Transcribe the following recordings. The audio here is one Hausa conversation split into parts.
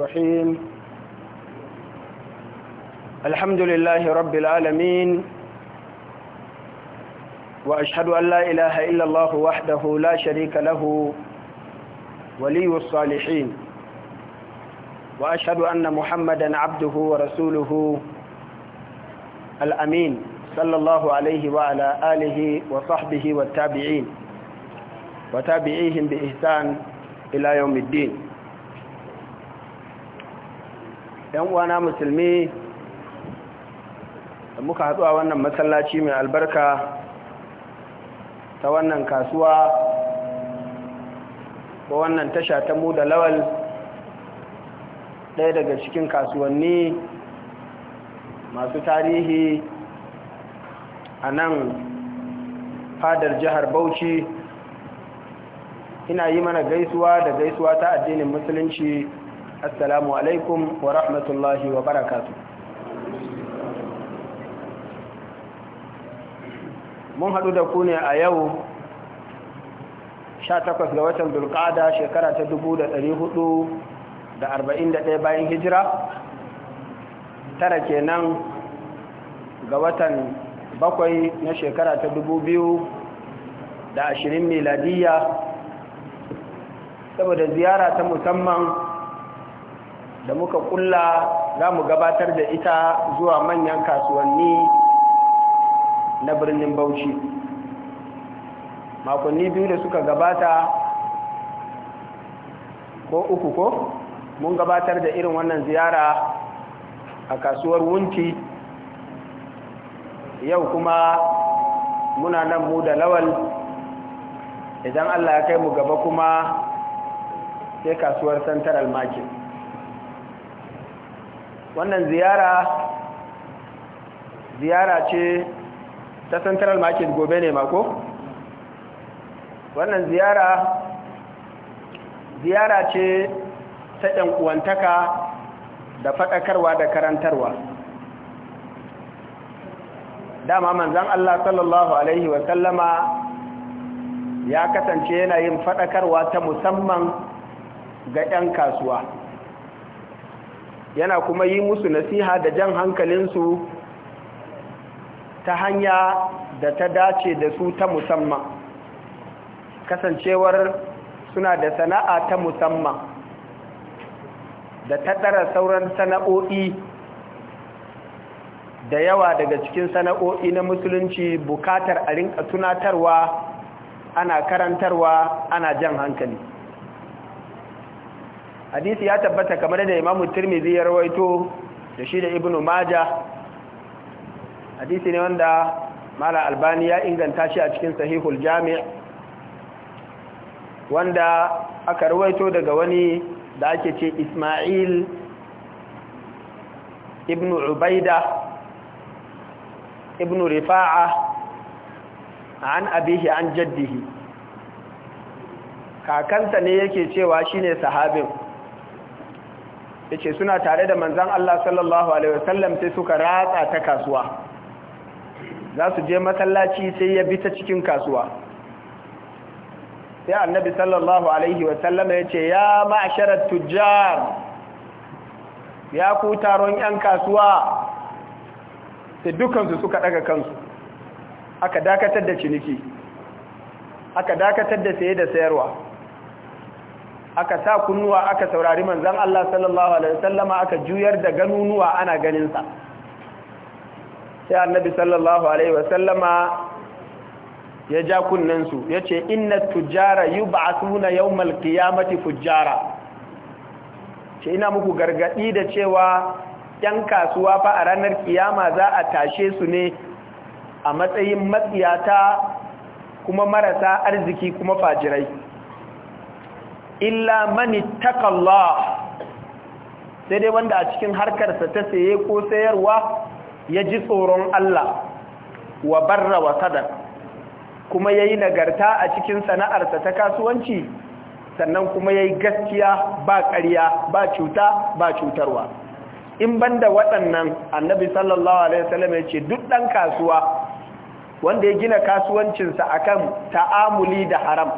الرحيم الحمد لله رب العالمين وأشهد أن لا إله إلا الله وحده لا شريك له ولي الصالحين وأشهد أن محمدا عبده ورسوله الأمين صلى الله عليه وعلى آله وصحبه والتابعين وتابعيهم بإحسان إلى يوم الدين yan uwana musulmi da muka haɗu a wannan masallaci mai albarka ta wannan kasuwa ko wannan tasha ta mu da lawal ɗaya daga cikin kasuwanni masu tarihi a nan fadar jihar bauchi ina yi mana gaisuwa da gaisuwa ta addinin musulunci assalamu alaikum wa rahmatullahi wa barakatu mun haɗu da ku ne a yau 18 ga watan dulkada shekara ta 441 bayan hijira tara kenan ga watan bakwai na shekara ta 2020 miladiyya saboda ziyara ta musamman da muka kulla za mu gabatar da ita zuwa manyan kasuwanni na birnin bauchi makonni biyu da suka gabata ko uku ko mun gabatar da irin wannan ziyara a kasuwar wunti yau kuma muna nan mu da lawal idan allah ya kai mu gaba kuma sai kasuwar central market wannan ziyara ziyara ce ta central market gobe ne mako wannan ziyara ziyara ce ta ɗan uwantaka da faɗakarwa da karantarwa dama manzan Allah sallallahu Alaihi wasallama ya kasance yana yin faɗakarwa ta musamman ga 'yan kasuwa yana kuma yi musu nasiha da jan hankalinsu ta hanya da ta dace da su ta musamman kasancewar suna da sana'a ta musamman da ta ɗara sauran sana'o'i da yawa daga cikin sana'o'i na musulunci bukatar a rinka tunatarwa ana karantarwa ana jan hankali hadisi ya tabbata kamar da imamu tirmidhi ya rawaito da shi da ibnu maja hadisi ne wanda mala albani ya inganta shi a cikin sahihul jami' wanda aka rawaito daga wani da ake ce isma'il ibnu ubaida ibnu rifa'a an abihi an jaddihi kakansa ne yake cewa shine sahabin yace suna tare da manzan Allah sallallahu alaihi wasallam sai suka ratsa ta kasuwa za su je masallaci sai ya bi ta cikin kasuwa sai annabi sallallahu alaihi wasallam ce ya ma'asharar tujjar ya ku taron yan kasuwa sai dukansu suka daga kansu aka dakatar da ciniki aka dakatar da saye da sayarwa aka sa kunnuwa aka saurari manzon Allah sallallahu alaihi wasallama aka juyar da ganunuwa ana ganin sa sai annabi sallallahu alaihi wasallama ya ja kunnen su yace inna tujara yau yawmal qiyamati fujjara ce ina muku gargadi da cewa yan kasuwa fa a ranar kiyama za a tashe su ne a matsayin matsiyata kuma marasa arziki kuma fajirai illa mani taqallah sai dai wanda a cikin harkarsa ta saye ko sayarwa ya ji tsoron Allah wa barra wa sadar kuma yayi nagarta a cikin sana'arsa ta kasuwanci sannan kuma yayi gaskiya ba ƙarya ba cuta ba cutarwa in banda waɗannan annabi sallallahu alaihi wasallam ya ce duk ɗan kasuwa wanda ya gina kasuwancinsa akan ta'amuli da haram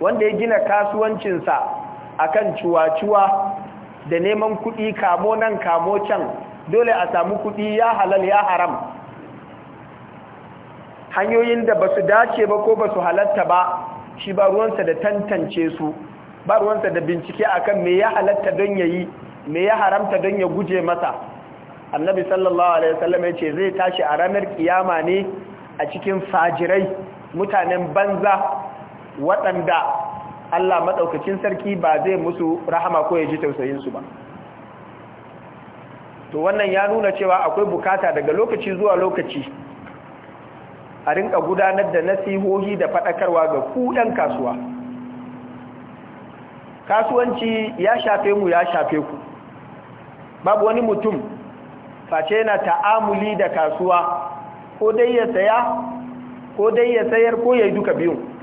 wanda ya gina kasuwancinsa akan cuwa-cuwa da neman kuɗi kamo nan kamo can dole a samu kuɗi ya halal ya haram hanyoyin da ba su dace ba ko ba su halatta ba shi ba ruwansa da tantance su ba ruwansa da bincike akan me ya halatta don ya yi me ya haramta don ya guje masa annabi sallallahu alaihi wasallam ya ce zai tashi a ranar kiyama ne a cikin fajirai mutanen banza waɗanda Allah maɗaukacin sarki ba zai musu rahama ko ya ji tausayin su ba to wannan ya nuna cewa akwai bukata daga lokaci zuwa lokaci a rinka gudanar da nasihohi da faɗakarwa ga ku kasuwa kasuwanci ya shafe mu ya shafe ku babu wani mutum face yana ta'amuli da kasuwa ko dai ya saya ko dai ya sayar ko ya yi duka biyun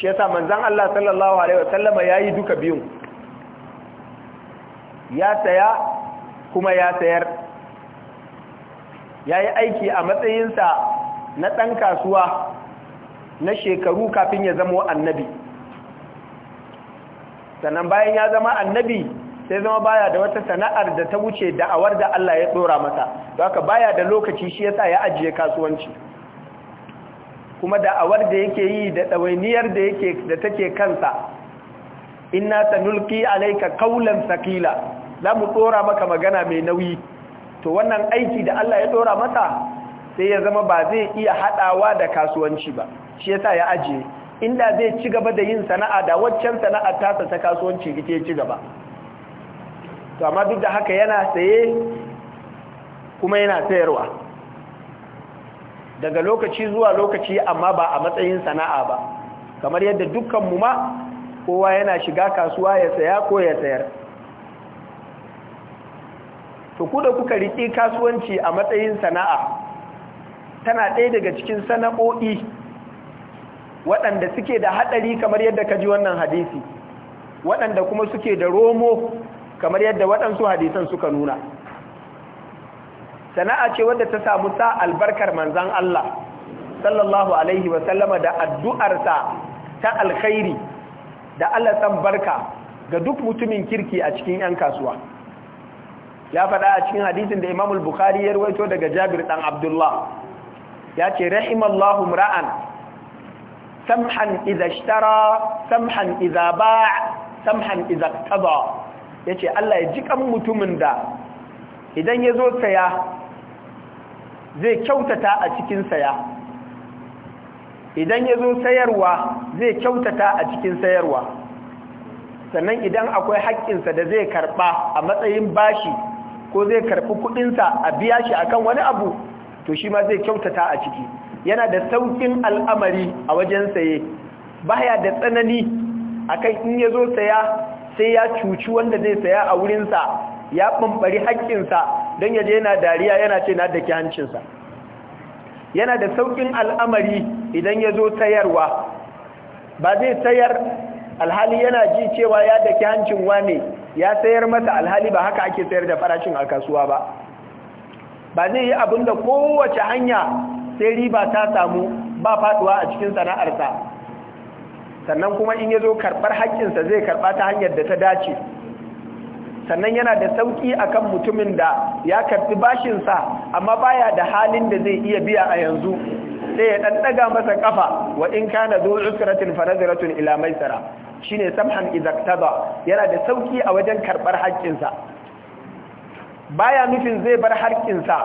shi yasa manzon Allah sallallahu alaihi wasallama yi duka biyun ya saya kuma ya sayar ya yi aiki a matsayinsa na ɗan kasuwa na shekaru kafin ya zama annabi sannan bayan ya zama annabi sai zama baya da wata sana'ar da ta wuce da'awar da Allah ya tsora masa ba haka baya da lokaci shi yasa ya ajiye kasuwanci kuma da'awar da yake yi da ɗawainiyar da yake da take kansa inna nulki alaika kaulan thaqila za mu dora maka magana mai nauyi to wannan aiki da Allah ya dora masa sai ya zama ba zai iya haɗawa da kasuwanci ba shi yasa ya ajiye inda zai ci gaba da yin sana'a da waccan sana'ar tasa ta kasuwanci kike ci gaba to amma duk da haka yana saye kuma yana sayarwa daga lokaci zuwa lokaci amma ba a matsayin sana'a ba kamar yadda dukkanmu ma kowa yana shiga kasuwa ya saya ko ya sayar to ku da kuka riƙe kasuwanci a matsayin sana'a tana ɗaya daga cikin sana'o'i waɗanda suke da haɗari kamar yadda ka ji wannan hadisi waɗanda kuma suke da romo kamar yadda waɗansu hadisan suka nuna sana'a ce wadda ta samu sa albarkar manzan Allah sallallahu alaihi wa sallama da addu'arsa ta alkhairi da Allah san barka ga duk mutumin kirki a cikin 'yan kasuwa ya faɗa a cikin hadisin da Imam al bukhari ya rawaito daga jabir ɗan abdullah ya ce rahimallahu mura'an samhan iza ishtara samhan iza ba' samhan iza qada ya Allah ya ji kan mutumin da idan ya zo saya zai kyautata a cikin saya idan ya zo sayarwa zai kyautata a cikin sayarwa sannan idan akwai haƙƙinsa da zai karɓa a matsayin bashi ko zai karɓi kuɗinsa a biya shi a kan wani abu to shi ma zai kyautata a ciki yana da sauƙin al'amari a wajen saye baya da tsanani akan in ya zo saya sai ya cuci wanda zai saya a wurinsa ya ɓamɓari haƙƙinsa don yaje yana dariya yana ce na daki hancinsa yana da sauƙin al'amari idan ya zo sayarwa ba zai sayar alhali yana ji cewa ya daki hancin ne ya sayar masa alhali ba haka ake sayar da farashin a kasuwa ba ba zai yi abin da kowace hanya sai riba ta samu ba faduwa a cikin sana'arsa sannan kuma in ya zo karɓar haƙƙinsa zai karɓa ta hanyar da ta dace sannan yana da sauki kan mutumin da ya karfi bashinsa amma baya da halin da zai iya biya a yanzu sai ya dan masa ƙafa wa in kana zu usratin fanaziratun ila maisara shine samhan izaktaba yana da sauki a wajen karbar haƙƙinsa baya nufin zai bar haƙƙinsa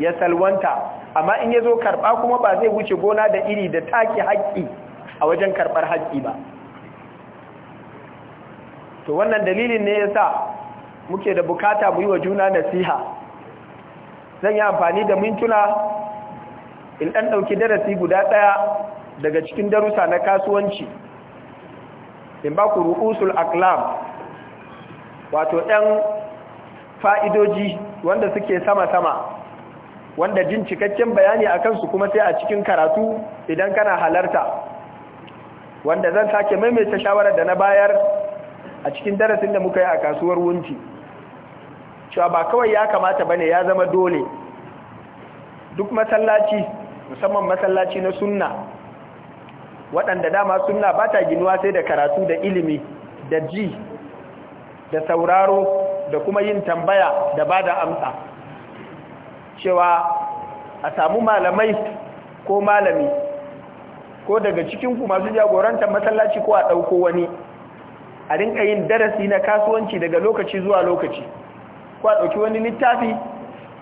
ya salwanta amma in ya zo karɓa kuma ba zai wuce gona da iri da taƙi haƙƙi a wajen karɓar haƙƙi ba to wannan dalilin ne yasa muke da bukata mu yi wa juna nasiha zan yi amfani da mintuna in ɗan ɗauki darasi guda ɗaya daga cikin darusa na kasuwanci in ba ku ru'usul aklam wato ɗan fa'idoji wanda suke sama-sama wanda jin cikakken bayani a kansu kuma sai a cikin karatu idan kana halarta wanda zan sake maimaita shawarar da na bayar a cikin darasin da muka yi a kasuwar wunti cewa ba kawai ya kamata bane ya zama dole duk masallaci musamman masallaci na sunna waɗanda dama sunna ba ta ginuwa sai da karatu da ilimi da ji da sauraro da kuma yin tambaya da ba da amsa cewa a samu malamai ko malami ko daga cikinku masu jagorantar masallaci ko a ɗauko wani a rinka yin darasi na kasuwanci daga lokaci zuwa lokaci ko a ɗauki wani littafi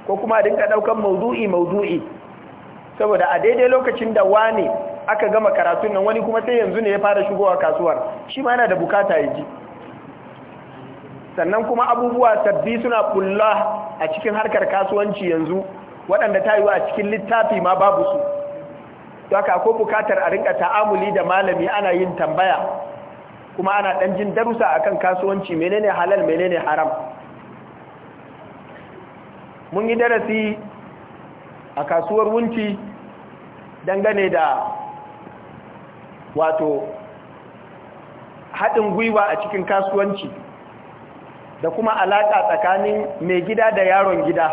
ko kuma a dinka ɗaukan maudu'i maudu'i saboda a daidai lokacin da wane aka gama karatun nan wani kuma sai yanzu ne ya fara shigowa kasuwar shi ma yana da bukata ya ji sannan kuma abubuwa sabbi suna ƙulla a cikin harkar kasuwanci yanzu waɗanda ta yiwu a cikin littafi ma babu su haka ko bukatar a rinka ta'amuli da malami ana yin tambaya kuma ana ɗan jin darusa akan kasuwanci menene halal menene haram mun yi darasi a kasuwar wunci dangane da wato haɗin gwiwa a cikin kasuwanci da kuma alaƙa tsakanin mai gida da yaron gida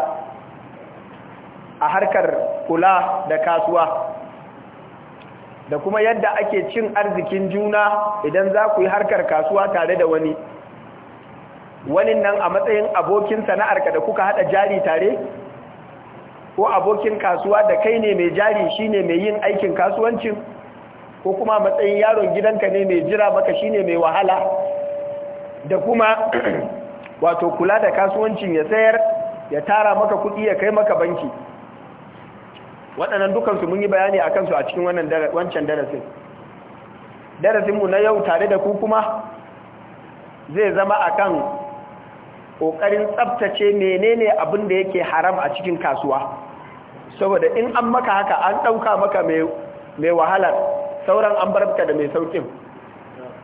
a harkar kula da kasuwa da kuma yadda ake cin arzikin juna idan za ku yi harkar kasuwa tare da wani wani nan a matsayin abokin sana'arka da kuka haɗa jari tare ko abokin kasuwa da kai ne mai jari shine mai yin aikin kasuwancin ko kuma matsayin yaron gidanka ne mai jira maka shine mai wahala da kuma wato kula da kasuwancin ya sayar ya tara maka kuɗi ya kai maka banki waɗannan dukansu mun yi bayani a kansu a cikin wancan darasin darasinmu na yau tare da ku kuma zai zama akan ƙoƙarin tsabtace menene abin da yake haram a cikin kasuwa saboda in an maka haka an ɗauka maka mai wahala sauran an barka da mai sauƙin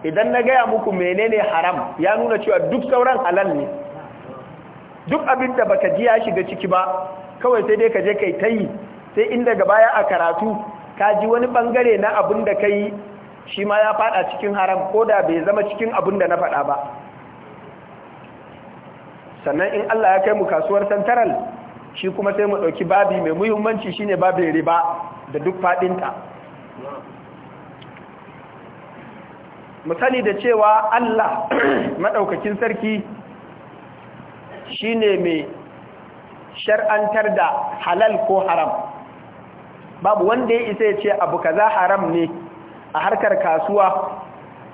idan na gaya muku menene haram ya nuna cewa duk sauran halal ne duk abin da baka ji ya shiga ciki ba kawai sai dai ka je kai ta yi sai inda gaba baya a karatu ka ji wani bangare na abin da ka yi shi ma ya fada cikin haram ko da bai zama cikin abin da na faɗa ba sannan in Allah ya kai mu kasuwar santaral shi kuma sai mu ɗauki babi mai muhimmanci shi ne babin riba da duk faɗinta mu da cewa Allah maɗaukakin sarki shi ne mai shar'antar da halal ko haram babu wanda ya isa ya ce abu kaza haram ne a harkar kasuwa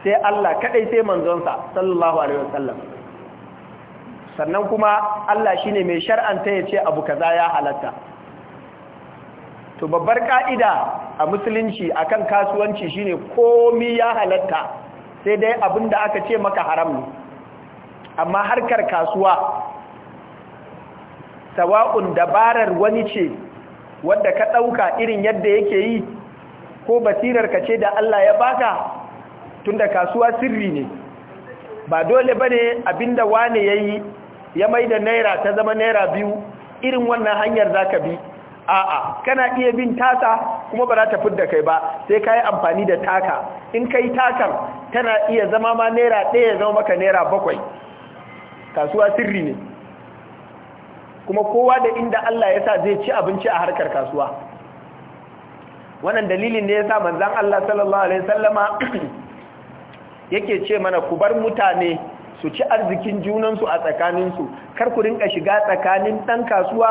sai Allah kaɗai sai manzonsa sallallahu alaihi wasallam sannan kuma Allah shi ne mai shar'anta ya ce abu kaza ya halatta to babbar ƙa'ida a musulunci akan kasuwanci shine komi ya halatta sai dai abin da aka ce maka haram ne amma harkar kasuwa sawa'un dabarar wani ce wadda ka ɗauka irin yadda yake yi ko basirar ka ce da Allah ya baka tunda kasuwa sirri ne ba dole bane abinda wane yayi ya mai da naira ta zama naira biyu irin wannan hanyar za ka bi a'a kana iya bin tasa kuma ba za ta da kai ba sai ka yi amfani da taka in ka yi takan tana iya zama ma naira ɗaya zama maka naira bakwai kasuwa sirri ne kuma kowa da inda Allah ya sa zai ci abinci a harkar kasuwa wannan dalilin ne ya sa manzan Allah sallallahu alaihi sallama yake ce mana ku bar mutane su ci arzikin junansu a tsakaninsu kar ku rinka shiga tsakanin ɗan kasuwa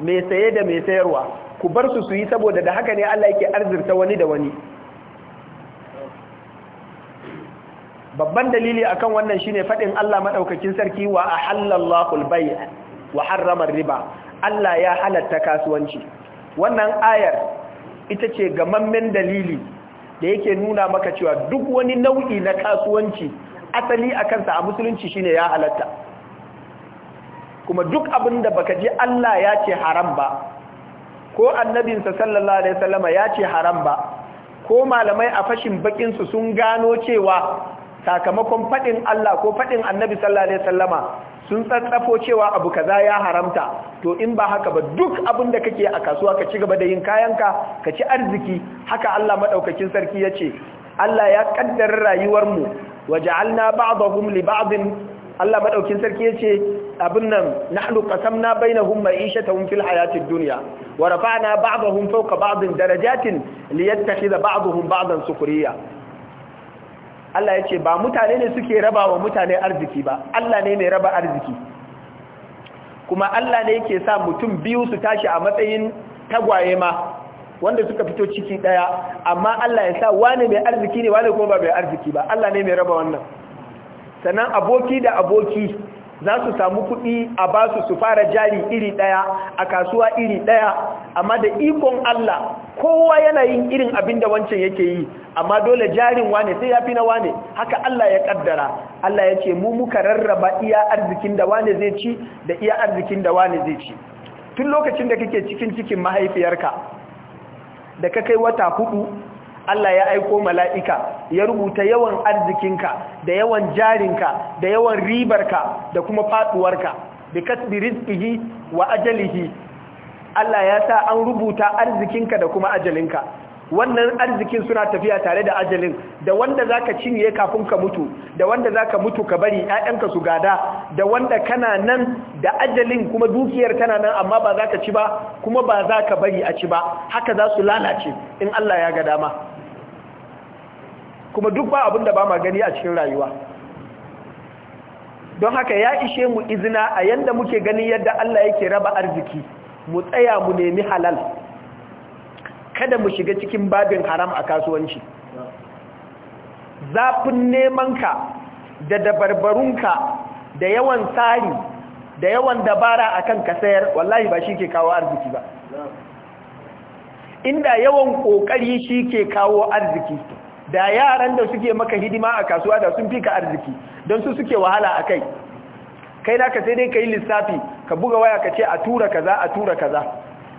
mai saye da mai sayarwa ku bar su su yi saboda da haka ne Allah yake arzirta wani da wani babban dalili akan wannan shine faɗin Allah maɗaukakin sarki wa ahallallahu al wa harrama riba Allah ya halatta kasuwanci wannan ayar ita ce gamammen dalili da yake nuna maka cewa duk wani nau'i na kasuwanci asali a kansa a musulunci shine ya halatta kuma duk abin da baka ji Allah ya ce haram ba ko annabinsa sallallahu alaihi wasallama ya ce haram ba ko malamai a fashin bakinsu sun gano cewa sakamakon faɗin Allah ko faɗin annabi sallallahu alaihi wasallama sun tsatsafo cewa abu kaza ya haramta to in ba haka ba duk abin da kake a kasuwa ka ci gaba da yin kayanka ka ci arziki haka Allah madaukakin sarki ya ce Allah ya kaddara rayuwarmu waja'alna ba'dahum li ba'din Allah madaukin sarki yace abin nan nahnu qasamna bainahum ma'ishatahum fil hayatid dunya wa rafa'na ba'dahum fawqa ba'din darajatin liyattakhidha ba'dahum ba'dan sukriya Allah yace ba mutane ne suke raba wa mutane arziki ba Allah ne mai raba arziki kuma Allah ne yake sa mutum biyu su tashi a matsayin tagwaye ma wanda suka fito ciki daya amma Allah ya sa wane mai arziki ne wane kuma ba mai arziki ba Allah ne mai raba wannan sannan aboki da aboki za su samu kuɗi a ba su su fara jari iri daya a kasuwa iri daya amma da ikon Allah kowa yana yin irin abin da wancan yake yi amma dole jarin wane sai ya fi na wane haka Allah ya kaddara Allah ya ce mu muka rarraba iya arzikin da wane zai ci da iya arzikin da wane zai ci tun lokacin da kake cikin cikin mahaifiyarka da ka kai wata hudu Allah ya aiko mala'ika ya rubuta yawan arzikinka da yawan jarinka da yawan ribarka da kuma faduwarka da kasbi rizkihi wa ajalihi Allah ya sa an rubuta arzikinka da kuma ajalinka wannan arzikin suna tafiya tare da ajalin da wanda zaka cinye kafin ka mutu da wanda zaka mutu ka bari 'ya'yanka su gada da wanda kana nan da ajalin kuma dukiyar tana nan amma ba zaka ci ba kuma ba zaka bari a ci ba haka za su lalace in Allah ya ga dama kuma duk ba abin da ba ma gani a cikin rayuwa don haka ya ishe mu izina a yadda muke ganin yadda Allah yake raba arziki mu tsaya mu nemi halal kada mu shiga cikin babin haram a kasuwanci zafin nemanka da dabarbarunka da yawan tsari da yawan dabara akan ka sayar wallahi ba shi ke kawo arziki ba inda yawan kokari shi ke kawo arziki da yaran da suke maka hidima a kasuwa da sun fi ka arziki don su suke wahala a kai kai ka sai dai ka yi lissafi ka buga waya ka ce a tura kaza a tura kaza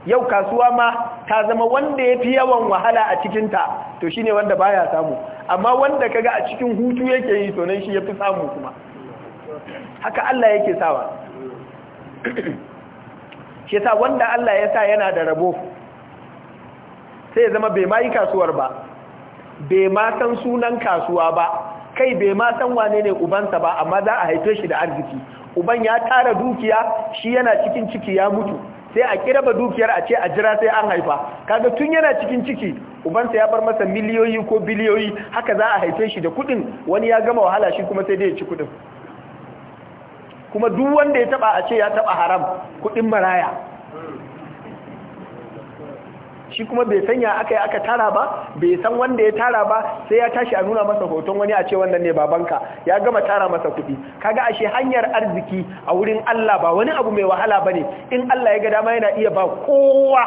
yau kasuwa ma ta zama wanda ya fi yawan wahala a cikinta to shi ne wanda ba ya samu amma wanda kaga a cikin hutu yake yi to shi ya fi samu kuma haka Allah yake sawa shi yasa wanda Allah ya sa yana da rabo sai ya zama bai ma yi kasuwar ba bai ma san sunan kasuwa ba kai bai ma san wane ne ubansa ba amma za a haife shi da arziki uban ya tara dukiya shi yana cikin ciki ya mutu sai a kiraba dukiyar a ce a jira sai an haifa kaga tun yana cikin ciki ubansa ya bar masa miliyoyi ko biliyoyi haka za a haife shi da kudin wani ya gama wahala shi kuma sai dai ya ci kudin kuma duk wanda ya taba a ce ya taba haram kudin maraya shi kuma bai sanya aka yi aka tara ba bai san wanda ya tara ba sai ya tashi a nuna masa hoton wani a ce wannan ne babanka ya gama tara masa kuɗi kaga ashe hanyar arziki a wurin Allah ba wani abu mai wahala ba ne in Allah ya ga dama yana iya ba kowa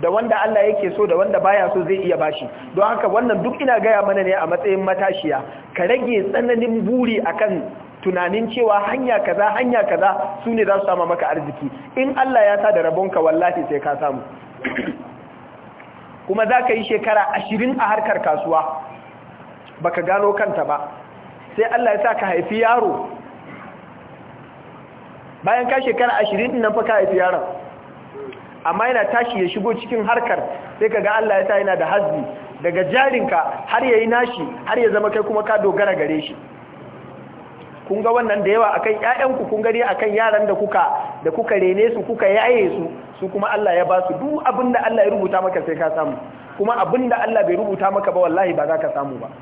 da wanda Allah yake so da wanda baya so zai iya bashi don haka wannan duk ina gaya mana ne a matsayin matashiya ka rage tsananin buri akan tunanin cewa hanya kaza hanya kaza su ne za su sama maka arziki in Allah ya sa da rabonka wallahi sai ka samu kuma za ka yi shekara ashirin a harkar kasuwa baka gano kanta ba sai Allah ya sa ka haifi yaro bayan ka shekara ashirin nan fa ka haifi yaron amma yana tashi ya shigo cikin harkar sai ka ga Allah ya sa yana da hazbi daga jarinka har ya yi nashi har ya zama kai kuma ka dogara gare shi kun ga wannan da yawa akan ƴaƴanku kun gari akan yaran da kuka da kuka rene su kuka yaye su su kuma Allah ya ba su duk abin da Allah ya rubuta maka sai ka samu kuma abin da Allah bai rubuta maka ba wallahi ba za ka samu ba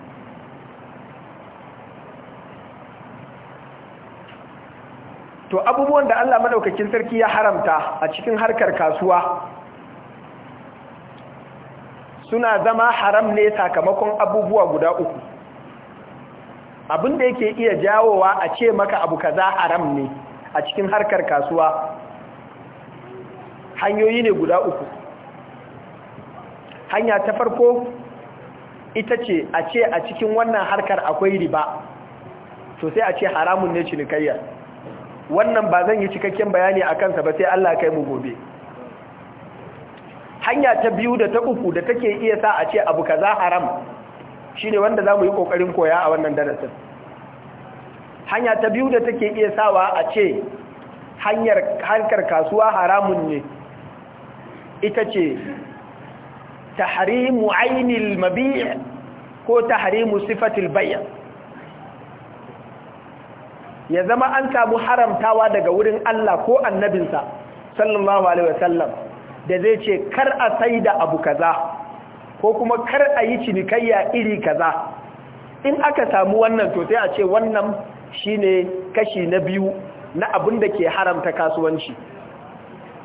to abubuwan da Allah madaukakin sarki ya haramta a cikin harkar kasuwa suna zama haram ne sakamakon abubuwa guda uku abin da yake iya jawowa a ce maka abu kaza haram ne a cikin harkar kasuwa hanyoyi ne guda uku hanya ta farko ita ce a ce a cikin wannan harkar akwai riba to sai a ce haramun ne cinikayya wannan ba zan yi cikakken bayani a kansa ba sai Allah kai mu gobe hanya ta biyu da ta uku da take iya sa a ce abu kaza haram Shi ne wanda za mu yi ƙoƙarin koya a wannan darasin hanya ta biyu da take iya sawa a ce hanyar harkar kasuwa haramun ne ita ce ta harimu ainihin mabiya ko ta harimu sifatil bayan. ya zama an samu haramtawa daga wurin Allah ko annabinsa sallallahu alaihi wasallam da zai ce kar a sai da abu kaza ko kuma kar a yi cinikayya iri kaza in aka samu wannan to sai a ce wannan shine kashi na biyu na abin da ke haramta kasuwanci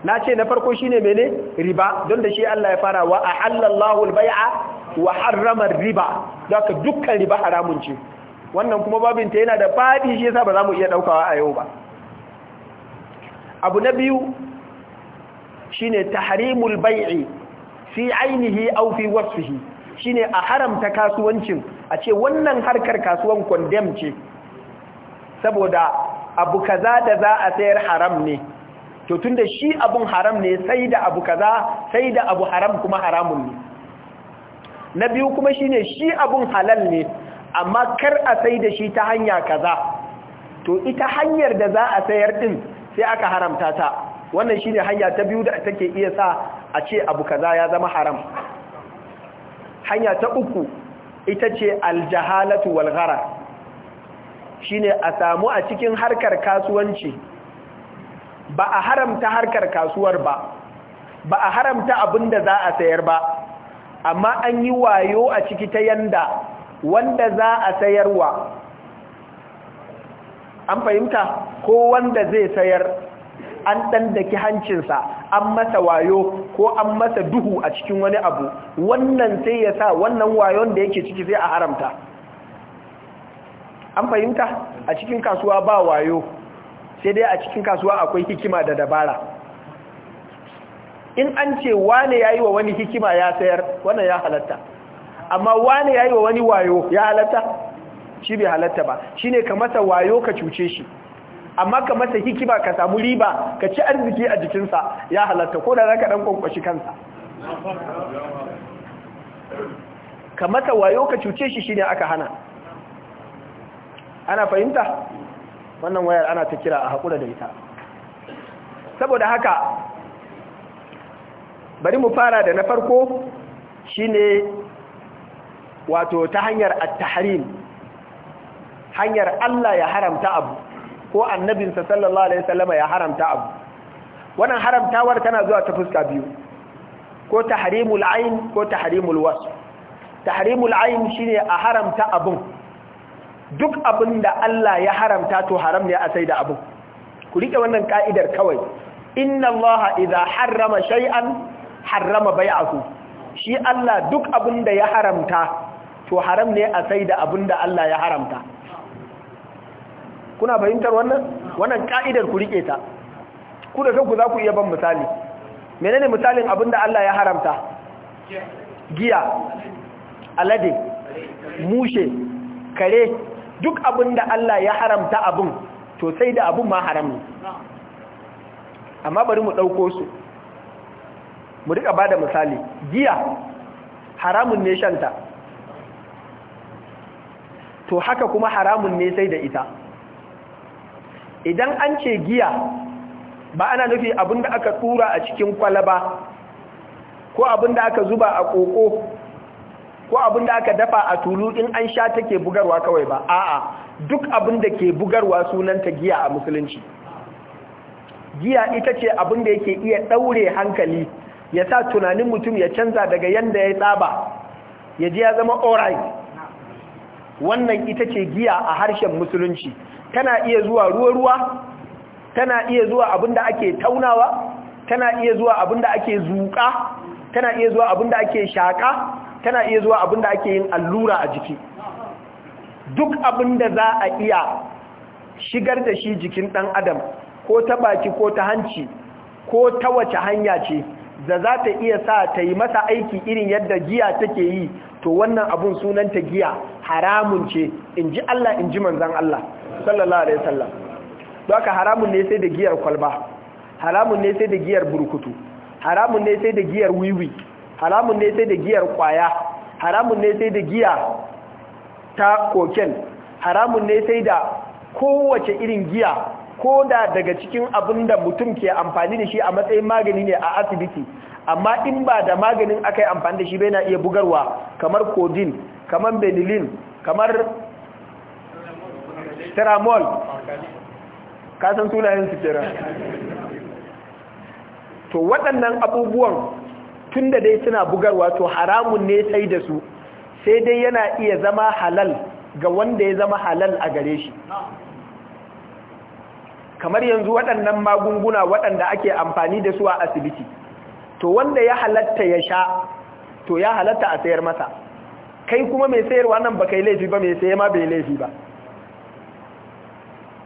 na ce na farko shine mene riba don da shi Allah ya fara wa ahallallahu albay'a wa harrama riba ka dukkan riba haramun ce wannan kuma babinta yana da fadi shi yasa ba za mu iya daukawa a yau ba abu na biyu shine tahrimul bai'i fi ainihi au fi wasfihi shine a haramta kasuwancin a ce wannan harkar kasuwan condemn ce saboda abu kaza da za a sayar haram ne to tunda shi abun haram ne sai da abu kaza sai da abu haram kuma haramun ne na biyu kuma shine shi abun halal ne amma kar a sai da shi ta hanya kaza to ita hanyar da za a sayar din sai aka haramta ta wannan shine hanya ta biyu da take iya sa a ce abu kaza ya zama haram hanya ta uku ita ce aljahalatu walghara Shi ne a samu a cikin harkar kasuwanci ba a haramta harkar kasuwar ba ba a haramta abin da za a sayar ba amma an yi wayo a ciki ta yanda wanda za a sayarwa an fahimta ko wanda zai sayar an ɗan daki hancinsa an masa wayo ko an masa duhu a cikin wani abu wannan sai ya sa wannan wayon da yake ciki sai a haramta an fahimta a cikin kasuwa ba wayo sai dai a cikin kasuwa akwai hikima da dabara in an ce wane ya yi wa wani hikima ya sayar wannan ya halatta amma wane ya yi wa wani wayo ya halatta shi bai halatta ba shi ne ka masa wayo ka cuce shi amma ka masa hikima ka samu riba ka ci arziki a jikinsa ya halatta ko da zaka ɗan kwankwashi kansa ka mata wayo ka cuce shi shine aka hana ana fahimta wannan wayar ana ta kira a hakura da ita saboda haka bari mu fara da na farko shine wato ta hanyar at hanyar Allah ya haramta abu ko annabinsa sallallahu alaihi wasallama ya haramta abu wannan haramtawar tana zuwa ta fuska biyu ko tahrimul ain ko tahrimul wasf tahrimul shi shine a haramta abun duk abin da Allah ya haramta to haram ne a sai da abun ku rike wannan ka'idar kawai inna Allah idza harrama shay'an harrama bai'ahu shi Allah duk abin ya haramta to haram ne a sai da abin Allah ya haramta kuna fahimtar wannan wannan ka'idar ku rike ta ku da kanku za ku iya ban misali menene misalin abin da Allah ya haramta giya alade mushe kare duk abin Allah ya haramta abin to sai da abin ma haram ne amma bari mu ɗauko su mu rika bada misali giya haramun ne shanta to haka kuma haramun ne sai da ita idan an ce giya ba ana nufi abinda aka tura a cikin kwalaba ko abinda aka zuba a koko ko abinda aka dafa a tulu in an sha take bugarwa kawai ba a'a duk abinda ke bugarwa sunanta giya a musulunci giya ita ce abinda yake iya daure hankali ya sa tunanin mutum ya canza daga yadda ya tsaba ya ji ya zama alright wannan ita ce giya a harshen musulunci tana iya zuwa ruwa-ruwa tana iya zuwa abin da ake taunawa tana iya zuwa abin da ake zuƙa tana iya zuwa abin da ake shaƙa tana iya zuwa abin da ake yin allura a jiki duk abin da za a iya shigar da shi jikin ɗan adam ko ta baki ko ta hanci ko ta wace hanya ce da za ta iya sa ta yi masa aiki irin yadda giya take yi to wannan abun sunanta giya haramun ce in ji Allah in ji manzan Allah sallallahu alaihi wasallam don haka haramun ne sai da giyar kwalba haramun ne sai da giyar burkutu haramun ne sai da giyar wiwi haramun ne sai da giyar kwaya haramun ne sai da giya ta koken haramun ne sai da kowace irin giya ko da daga cikin abin da mutum ke amfani da shi a matsayin magani ne a asibiti amma in ba da maganin aka yi amfani da shi bai na iya bugarwa kamar codeine kamar benilin kamar teramol kasan sunayen su kera to waɗannan abubuwan tun da dai suna bugarwa to haramun ne sai da su sai dai yana iya zama halal ga wanda ya zama halal a gare shi kamar yanzu waɗannan magunguna waɗanda ake amfani da su a asibiti to wanda ya halatta ya sha to ya halatta a sayar masa kai kuma mai sayarwa nan ba kai laifi ba mai saye ma bai laifi ba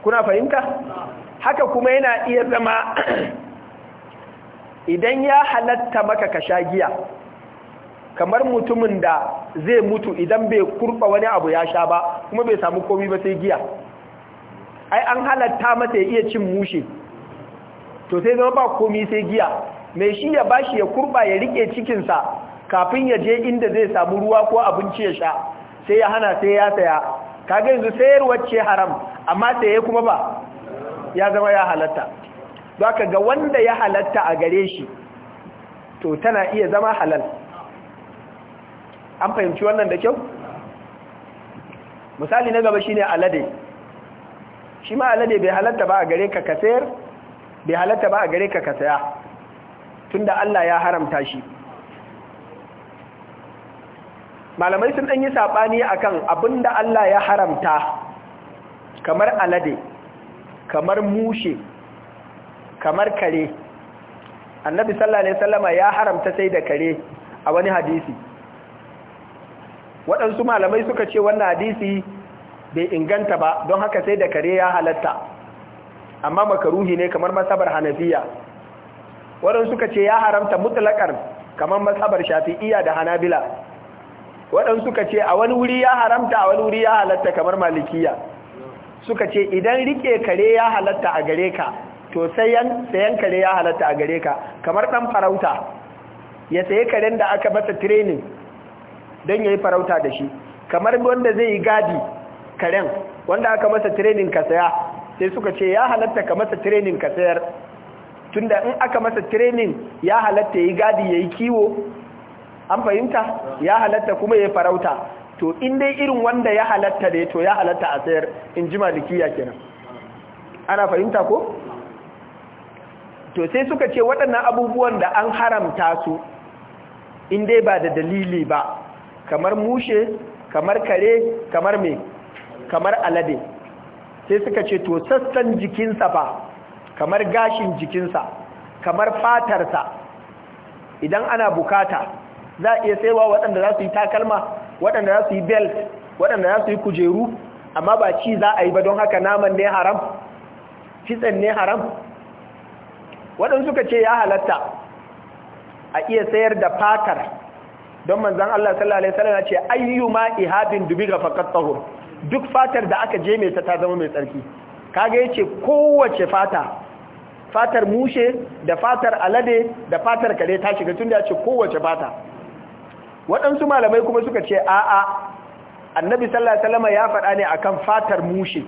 kuna fahimta haka kuma yana iya zama idan ya halatta maka ka sha giya kamar mutumin da zai mutu idan bai kurba wani abu ya sha ba kuma bai samu komi ba sai giya ai an halatta masa ya iya cin mushe to sai zama ba komi sai giya mai shi ya bashi ya kurba ya rike cikinsa kafin ya je inda zai samu ruwa ko abinci ya sha sai ya hana sai ya saya kage yanzu sayarwar ce haram amma saye kuma ba ya zama ya halatta zaka ga wanda ya halatta a gare shi to tana iya zama halal an fahimci wannan da kyau misali na gaba shine alade shi ma alade bai halatta ba a gare ka kasayar, bai halatta ba a gare ka kasaya. tunda Allah ya haramta shi malamai sun ɗan yi saɓani a kan abin da Allah ya haramta kamar alade kamar mushe kamar kare annabi sallallahu alaihi wasallama ya haramta sai da kare a wani hadisi waɗansu malamai suka ce wannan hadisi bai inganta ba don haka sai da kare ya halatta amma makaruhi ne kamar masabar hanafiya waɗansu suka ce ya haramta mutlakar kamar masabar shafi'iya da hanabila waɗansu suka ce a wani wuri ya haramta a wani wuri ya halatta kamar malikiya suka ce idan rike kare ya halatta a gare ka to sayan kare ya halatta a gare ka kamar ɗan farauta ya sayi karen da aka masa training don ya yi farauta da shi kamar wanda zai yi gadi karen wanda aka masa training ka saya sai suka ce ya halatta ka masa training ka sayar tunda in aka masa training ya halatta ya yi gadi ya yi kiwo an fahimta ya halatta kuma ya farauta to in irin wanda ya halatta dai to ya halatta a sayar in ji malikiya kenan ana fahimta ko to sai suka ce waɗannan abubuwan da an haramta su in ba da dalili ba kamar mushe kamar kare kamar me kamar alade sai suka ce to sassan jikinsa ba kamar gashin jikinsa kamar fatarsa idan ana bukata za a iya saiwa waɗanda za su yi takalma waɗanda za su yi belt waɗanda za su yi kujeru amma ba ci za a yi ba don haka naman ne haram kitsen ne haram waɗanda suka ce ya halatta a iya sayar da fatar don manzan Allah sallallahu alaihi wasallam ce ayyuma dubiga duk fatar da aka je mai ta zama mai tsarki kaga yace kowace fata fatar mushe da fatar alade da fatar kare ta shiga tunda yace kowace fata waɗansu malamai kuma suka ce a'a annabi sallallahu alaihi wasallam ya faɗa ne akan fatar mushe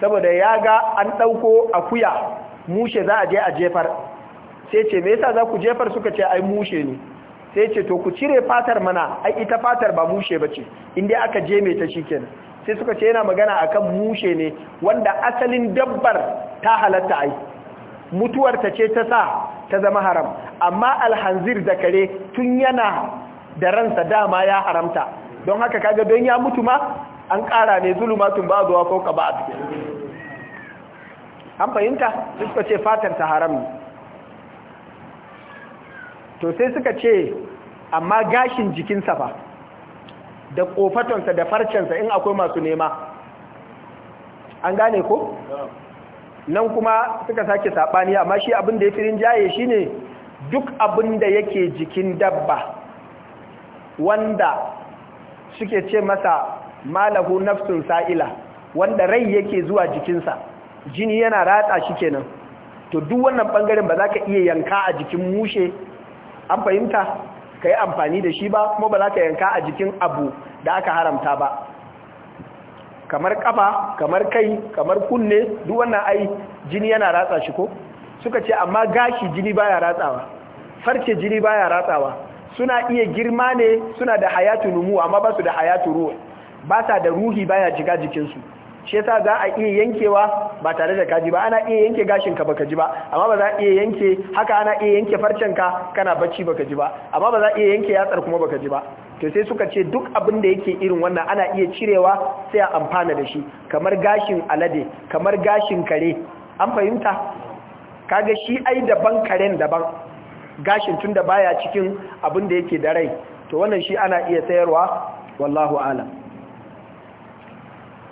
saboda ya ga an ɗauko akuya mushe za a je a jefar sai ce me yasa za ku jefar suka ce ai mushe ne sai ce to ku cire fatar mana ai ita fatar ba mushe bace dai aka je me ta shikenan sai suka ce yana magana akan mushe ne wanda asalin dabbar ta halatta ai mutuwar ta ce ta sa ta zama haram amma alhanzir da kare tun yana da ransa dama ya haramta don haka kaga don ya mutu ma an ƙara ne zulumatun ba zuwa fauka ba a an fahimta suka ce fatar ta haram to sai suka ce amma gashin jikinsa fa da kofatonsa da farcensa in akwai masu nema an gane ko? nan kuma suka sake saɓani amma shi abin da ya firin jaye shine duk abin da yake jikin dabba wanda suke ce masa malahu nafsun sa'ila wanda rai yake zuwa jikinsa jini yana ratsa shi kenan to duk wannan bangaren ba za ka iya yanka a jikin mushe an fahimta ka yi amfani da shi ba kuma ba za ka yanka a jikin abu da aka haramta ba kamar kafa kamar kai kamar kunne duk wannan ai jini yana ratsa shi ko suka ce amma gashi jini baya ratsawa farce jini baya ratsawa suna iya girma ne suna da hayatu numu amma ba su da hayatu ruwa ba sa da ruhi baya jiga jikinsu shi yasa za a iya yankewa ba tare da kaji ba ana iya yanke gashin ka baka ji ba amma ba za a iya yanke haka ana iya yanke farcen ka kana bacci baka ji ba amma ba za a iya yanke yatsar kuma baka ji ba to sai suka ce duk abin da yake irin wannan ana iya cirewa sai a amfana da shi kamar gashin alade kamar gashin kare an fahimta kaga shi ai daban karen daban gashin tunda baya cikin abin da yake da rai to wannan shi ana iya sayarwa wallahu alam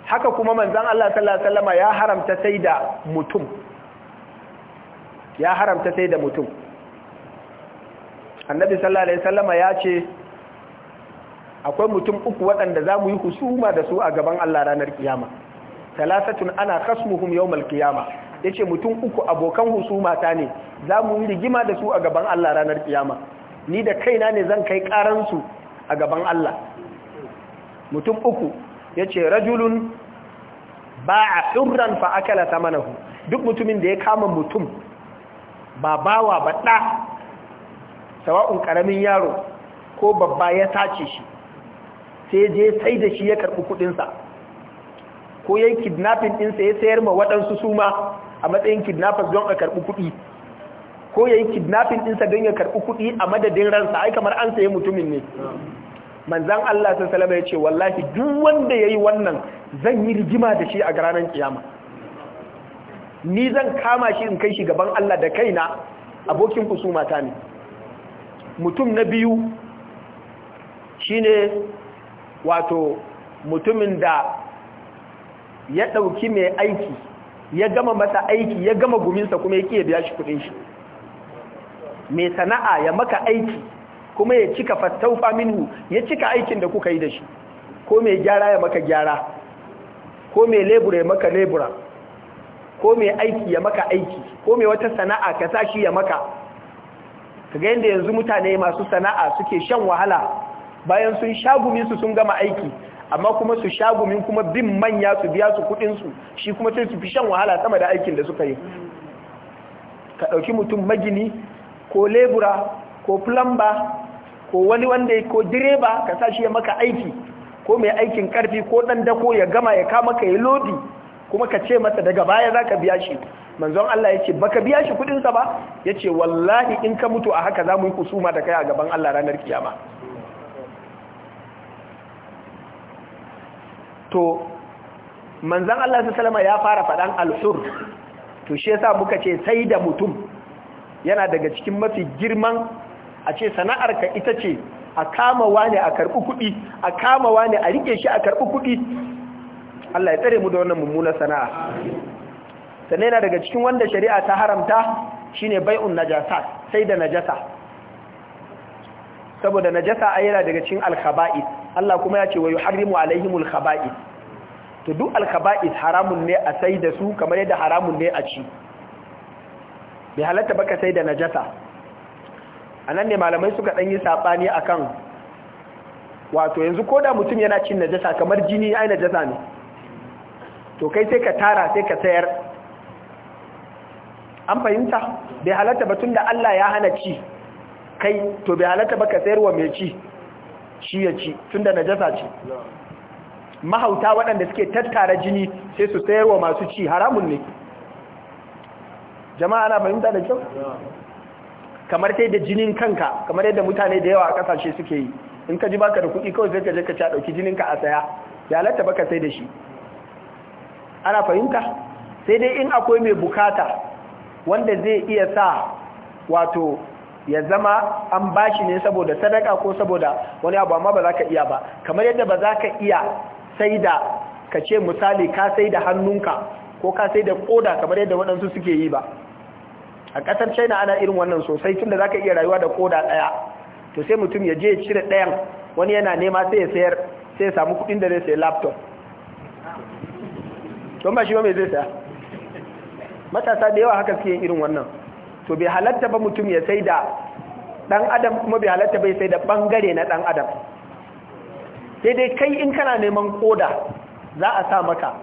haka kuma manzan Allah sallallahu alaihi ya haramta sai da mutum ya haramta sai mutum annabi sallallahu alaihi ya ce akwai mutum uku waɗanda za mu yi husuma da su a gaban Allah ranar kiyama talatatun ana kasmuhum yawmal kiyama yace mutum uku abokan husumata mata ne za mu yi rigima da su a gaban Allah ranar kiyama ni da kaina ne zan kai karansu a gaban Allah mutum uku yace rajulun ba'a hurran fa’akala ta manahu duk mutumin da ya kama mutum ba bawa ba ɗa sawa'un ƙaramin yaro ko babba ya sace shi sai je sai da shi ya karɓi kuɗinsa ko ya yi kidnapping ɗinsa ya sayar ma waɗansu suma. a matsayin kidnappers don a karɓi kuɗi ko ya yi kidnapping ɗinsa don ya karɓi kuɗi a madadin ransa ai kamar an sayi mutumin ne manzan Allah sun salama ya ce wallahi duk wanda ya yi wannan zan yi rigima da shi a ranar kiyama ni zan kama shi in kai shi gaban Allah da kai na, abokin kusumata ne mutum na biyu shine wato mutumin da ya ɗauki mai aiki ya gama masa aiki ya gama guminsa kuma ya ya biya shi kudin shi mai sana'a ya maka aiki kuma ya cika fattaufa minhu ya cika aikin da kuka yi da shi ko mai gyara ya maka gyara ko mai lebura ya maka lebura ko mai aiki ya maka aiki ko mai wata sana'a ka sa shi ya maka kaga yadda yanzu mutane masu sana'a suke shan wahala bayan sun sha guminsu sun gama aiki amma kuma su shagumin kuma bin manya su biya su kudinsu shi kuma sai su fi shan wahala sama da aikin da suka yi ka ɗauki mutum magini ko lebura ko plumber ko wani wanda ko direba ka sa shi ya maka aiki ko mai aikin karfi ko ɗan dako ya gama ya kama ka yi lodi kuma ka ce masa daga baya za ka biya shi manzon Allah ya ce baka biya shi kudinsa ba ya ce wallahi in ka mutu a haka za mu yi kusuma da kai a gaban Allah ranar kiyama to manzan Allah su salama ya fara faɗan al'ur to shi yasa muka ce sai da mutum yana daga cikin mafi girman a ce sana'arka ita ce a kama wane a karɓi kuɗi a kama wane a rike shi a karɓi kuɗi Allah ya tsare mu da wannan mummuna sana'a sannan yana daga cikin wanda shari'a ta haramta shine bai'un najasa sai da najasa saboda najasa a yana daga cikin alkhaba'i Allah kuma ya ce wa yuharrimu alaihimul khaba'ith to duk alkhaba'is haramun ne a sai da su kamar yadda haramun ne a ci bai halatta baka sai da najasa nan ne malamai suka dan yi sabani akan wato yanzu ko da mutum yana cin najasa kamar jini ya na najasa ne to kai sai ka tara sai ka sayar an fahimta bai halatta batun da Allah ya hana ci kai to bai halatta baka sayar wa mai ci shi ya ci tunda najasa ce mahauta waɗanda suke tattara jini sai su sayarwa masu ci haramun ne jama'a na fahimta da kyau kamar sai da jinin kanka kamar yadda mutane da yawa a kasashe suke yi in ka ji baka da kuɗi kawai sai ka ka ci a ɗauki ka a saya ya halatta baka sai da shi ana fahimta sai dai in akwai mai bukata wanda zai iya sa wato ya zama an bashi ne saboda sadaka ko saboda wani abu amma ba za ka iya ba kamar yadda ba za ka iya sai da ka ce misali ka sai da hannunka ko ka sai da koda kamar yadda waɗansu suke yi ba a ƙasar china ana irin wannan sosai tun da za ka iya rayuwa da koda ɗaya to sai mutum ya je ya cire ɗayan wani yana nema sai ya sayar sai ya samu kuɗin da zai sayi laptop don ba shi ba mai zai saya matasa da yawa haka suke irin wannan to bai halatta ba mutum ya sai da ɗan adam kuma bai halatta bai sai da ɓangare na ɗan adam sai dai kai in kana neman koda za a sa maka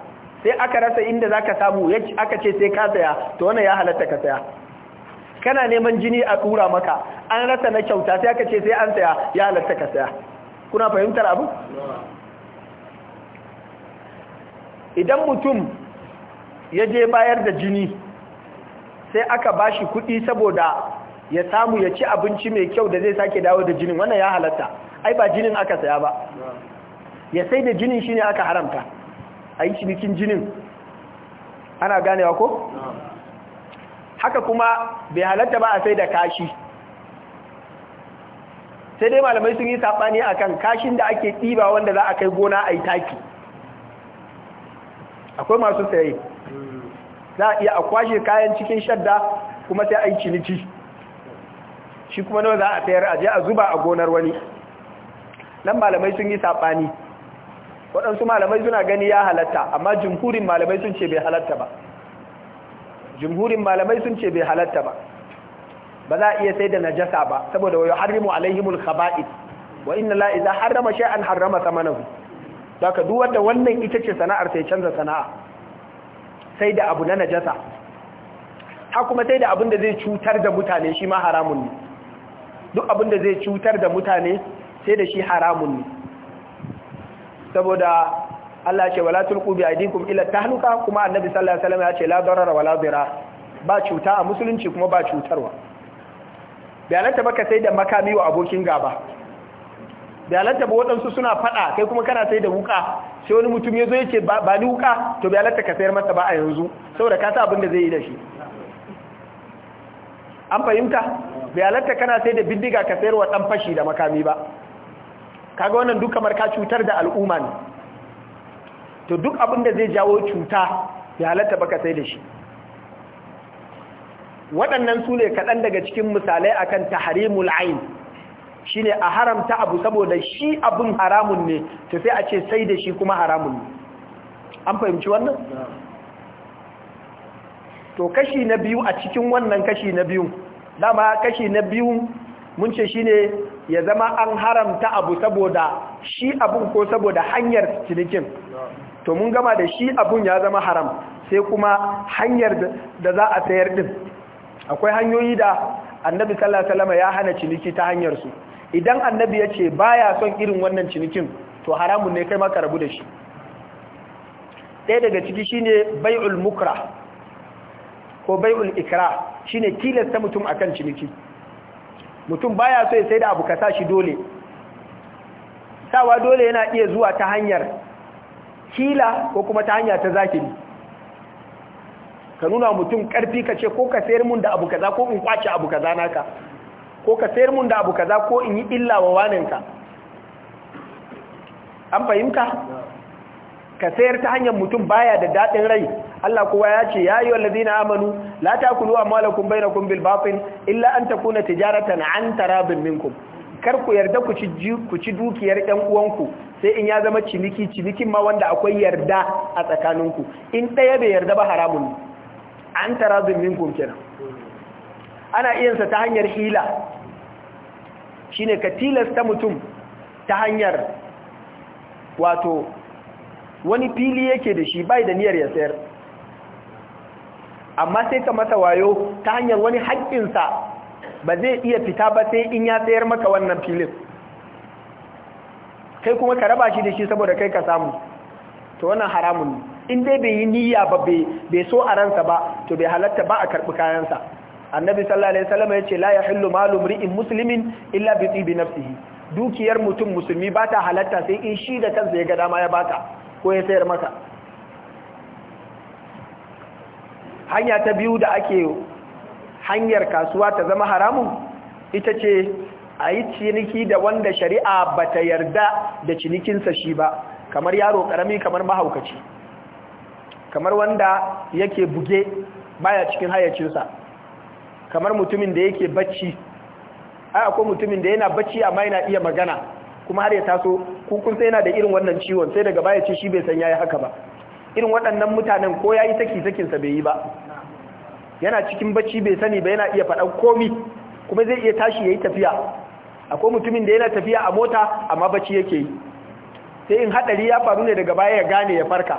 sai aka rasa inda za ka samu aka ce sai ka saya to wani ya halatta ka saya kana neman jini a tura maka an rasa na kyauta sai aka ce sai an saya ya halatta ka saya kuna fahimtar abu idan mutum ya je bayar da jini sai aka ba shi kuɗi saboda ya samu ya ci abinci mai kyau da zai sake dawo da jinin wannan ya halatta ai ba jinin aka saya ba ya sai da jinin shine aka haramta a yi cinikin jinin ana ganewa ko? haka kuma bai halatta ba a sai da kashi sai dai malamai sun yi saɓani a kan kashin da ake ɗiba wanda za a kai gona a yi taki akwai masu saye za a iya a kwashe kayan cikin shadda kuma sai a yi ciniki shi kuma nawa za a tsayar a je a zuba a gonar wani nan malamai sun yi saɓani waɗansu malamai suna gani ya halatta amma jimhurin malamai sun ce bai halatta ba jimhurin malamai sun ce bai halatta ba ba za a iya sai da najasa ba saboda wayo harrimu alaihimul khaba'id wa inna la iza harrama shay'an harrama thamanahu daga duk wanda wannan ita ce sana'ar sai canza sana'a sai da abu na najasa ha kuma sai da abin da zai cutar da mutane shi ma haramun ne duk abin da zai cutar da mutane sai da shi haramun ne saboda Allah ce wala tulqu bi aydikum ila tahluka kuma annabi sallallahu alaihi wasallam ya ce la darara wala dira ba cuta a musulunci kuma ba cutarwa bayananta baka sai da makami wa abokin gaba da halatta ba waɗansu suna faɗa kai kuma kana sai da wuka sai wani mutum ya zo ya ce ba ni wuka to bai halatta ka sayar masa ba a yanzu saboda ka sa abin da zai yi da shi an fahimta bai halatta kana sai da bindiga ka sayar wa ɗan fashi da makami ba kaga wannan duk kamar ka cutar da al'umma ne to duk abin da zai jawo cuta bai halatta ba ka sai da shi waɗannan su ne kaɗan daga cikin misalai akan tahrimul ain shine a haramta abu saboda shi abun haramun ne to sai a ce sai da shi kuma haramun ne an fahimci wannan to kashi na biyu a cikin wannan kashi na biyu dama kashi na biyu mun ce shi ne ya zama an haramta abu saboda shi abun ko saboda hanyar cinikin to mun gama da shi abun ya zama haram sai kuma hanyar da za a sayar din akwai hanyoyi da annabi sallallahu alaihi wasallam ya hana ciniki ta hanyar su idan annabi ya ce ya son irin wannan cinikin to haramun ne kai maka rabu da shi ɗaya daga ciki ne bai'ul mukra ko bai'ul ikra ne tilasta mutum a kan ciniki mutum ba ya so ya sai da abu ka sa shi dole sawa dole yana iya zuwa ta hanyar kila ko kuma ta hanya ta zakiri ka nuna mutum karfi ka ce ko ka sayar mun da abu kaza ko in kwace abu kaza naka ko ka sayar mun da abu kaza ko in yi illa wa waninka an fahimta ka sayar ta hanyar mutum baya da daɗin rai Allah kowa ya ce ya yi wallazi na amanu la ta kulu a malakun bai na kumbil bafin illa an ta kuna tijarata na an tarabin minkum kar ku yarda ku ci dukiyar ɗan uwanku sai in ya zama ciniki cinikin ma wanda akwai yarda a tsakaninku in ɗaya bai yarda ba haramun an tarabin minkum kenan ana iyansa ta hanyar hila shine ka tilasta mutum ta hanyar wato wani fili yake da shi bai da niyar ya sayar amma sai ka masa wayo ta hanyar wani haƙƙinsa ba zai iya fita ba sai in ya sayar maka wannan filin kai kuma ka raba shi da shi saboda kai ka samu to wannan haramun in dai bai yi niyya ba bai so a ransa ba to bai halatta ba a karɓi kayansa annabi sallallahu alaihi wasallam yace la yahillu malu mri'in muslimin illa bi tibi nafsihi dukiyar mutum musulmi ba ta halatta sai in shi da kansa ya ga dama ya baka ko ya sayar masa hanya ta biyu da ake hanyar kasuwa ta zama haramun ita ce a yi ciniki da wanda shari'a ba ta yarda da cinikinsa shi ba kamar yaro karami kamar mahaukaci kamar wanda yake buge baya cikin hayacinsa kamar mutumin da yake bacci ai akwai mutumin da yana bacci amma yana iya magana kuma har ya taso kun sai yana da irin wannan ciwon sai daga baya ce shi bai san yayi haka ba irin waɗannan mutanen ko yayi saki sakin sa bai yi ba yana cikin bacci bai sani ba yana iya faɗan komi kuma zai iya tashi yayi tafiya akwai mutumin da yana tafiya a mota amma bacci yake yi sai in hadari ya faru ne daga baya ya gane ya farka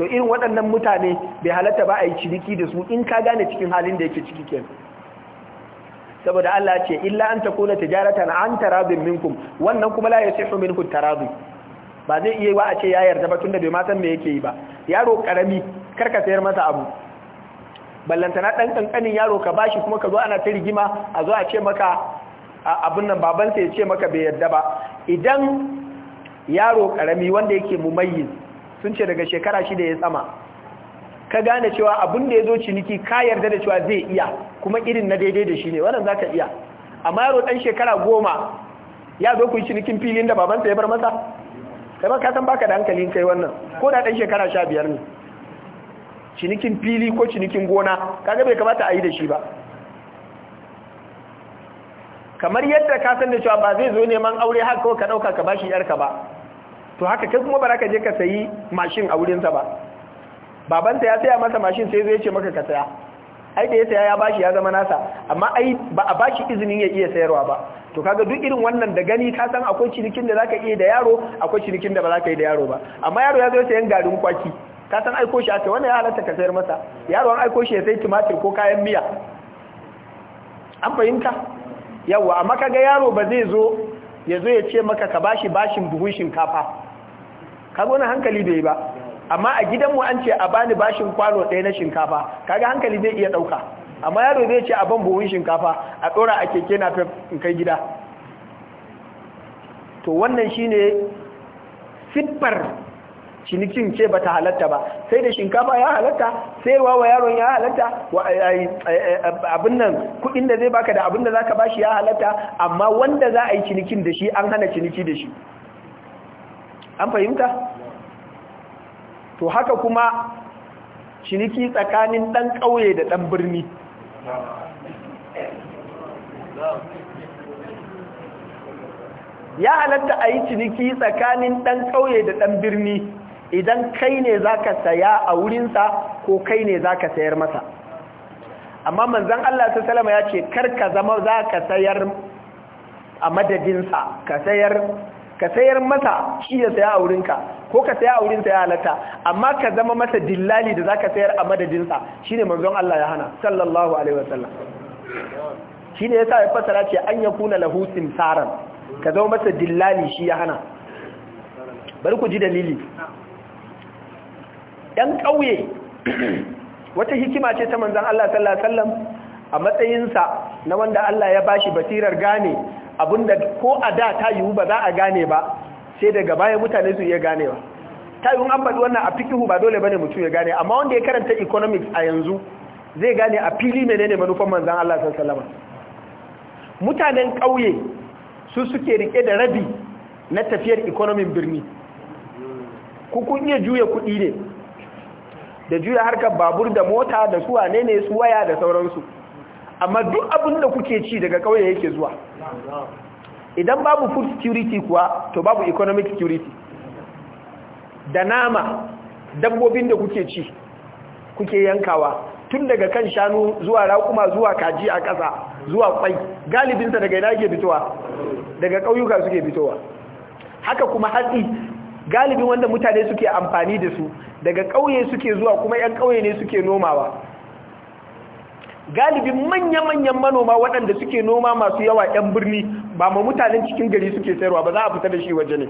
to irin waɗannan mutane bai halatta ba a yi ciniki da su in ka gane cikin halin da yake ciki kenan saboda Allah ce illa an ta tijarata na an tarabin minkum wannan kuma la yasihu minkum tarabi ba zai iya wa a ce ya yarda ba tunda bai ma san me yake yi ba yaro karami karka sayar masa abu ballantana ɗan kankanin yaro ka bashi kuma ka zo ana ta rigima a zo a ce maka abun nan babansa ya ce maka bai yarda ba idan yaro karami wanda yake mumayyiz sun ce daga shekara shida ya tsama ka gane cewa abin da ya zo ciniki ka yarda da cewa zai iya kuma irin na daidai da shi ne wannan za ka iya amma yaro ɗan shekara goma ya zo ku yi cinikin filin da babansa ya bar masa kai ba ka san baka da hankalin kai wannan ko da ɗan shekara sha biyar ne cinikin fili ko cinikin gona kaga bai kamata a yi da shi ba kamar yadda ka san da cewa ba zai zo neman aure har kawai ka ɗauka ka bashi yarka ba to haka kai kuma ba za ka je ka sayi mashin a wurinsa ba babanta ya saya masa mashin sai zai ce maka ka saya ai da ya saya ya bashi ya zama nasa amma ai ba a bashi izinin ya iya sayarwa ba to kaga duk irin wannan da gani ka san akwai cinikin da zaka iya da yaro akwai cinikin da ba zaka yi da yaro ba amma yaro ya zo sayan garin kwaki ka san aiko shi aka wannan ya halatta ka sayar masa yaro an aiko shi ya sai tumatir ko kayan miya an fahimta yawa amma kaga yaro ba zai zo ya zo ya ce maka ka bashi bashin buhun shinkafa kaga wani hankali bai ba amma a gidanmu an ce a bani bashin kwano ɗaya na shinkafa kaga hankali zai iya ɗauka amma yaro zai ce a ban buhun shinkafa a ɗora a keke na kai gida to wannan shine siffar cinikin ce ba ta halatta ba sai da shinkafa ya halatta sai wa yaron ya halatta eh, eh, eh, abin nan kudin da zai baka da abin da za ka bashi ya halatta amma wanda za a yi cinikin da shi an hana ciniki da shi an fahimta to haka kuma ciniki tsakanin ɗan ƙauye da ɗan birni ya halatta a yi ciniki tsakanin ɗan ƙauye da ɗan birni idan kai ne za ka saya a wurinsa ko kai ne za ka sayar masa amma manzan Allah ta salama ya ce kar ka zama za ka sayar a madadinsa ka sayar ka sayar masa shi ya saya a wurinka ko ka saya a wurinsa ya halatta amma ka zama masa dillali da za ka sayar a madadinsa shine manzon Allah ya hana sallallahu alaihi wasallam Shi ne ya sa ya fasara ce an kuna lahusin tsaron. ka zama masa dillali shi ya hana bari ku ji dalili ɗan ƙauye wata hikima ce ta manzan Allah sallallahu Alaihi wasallam a matsayinsa na wanda Allah ya bashi basirar gane da ko a da ta yiwu ba za a gane ba sai daga baya mutane su iya gane ba. ta yiwu an faɗi wannan a fikihu ba dole bane mutum ya gane amma wanda ya karanta economics a yanzu zai gane a fili menene manufan manzan Allah salama mutanen ƙauye su suke rike da rabi na tafiyar economic birni ku kun iya juya kuɗi ne da juya harkar babur da mota da su ne ne su waya da sauransu amma duk abin da kuke ci daga kauye yake zuwa idan babu food security kuwa to babu economic security da nama dabbobin da kuke ci kuke yankawa tun daga kan shanu zuwa raƙuma zuwa kaji a ƙasa zuwa kwai galibinsa daga ina ke fitowa daga ƙauyuka suke fitowa haka kuma hatsi galibin wanda mutane suke amfani da su daga ƙauye suke zuwa kuma 'yan ƙauye ne suke nomawa galibin manya-manyan manoma waɗanda suke noma masu yawa 'yan birni ba ma mutanen cikin gari suke sayarwa ba za a fita da shi waje ne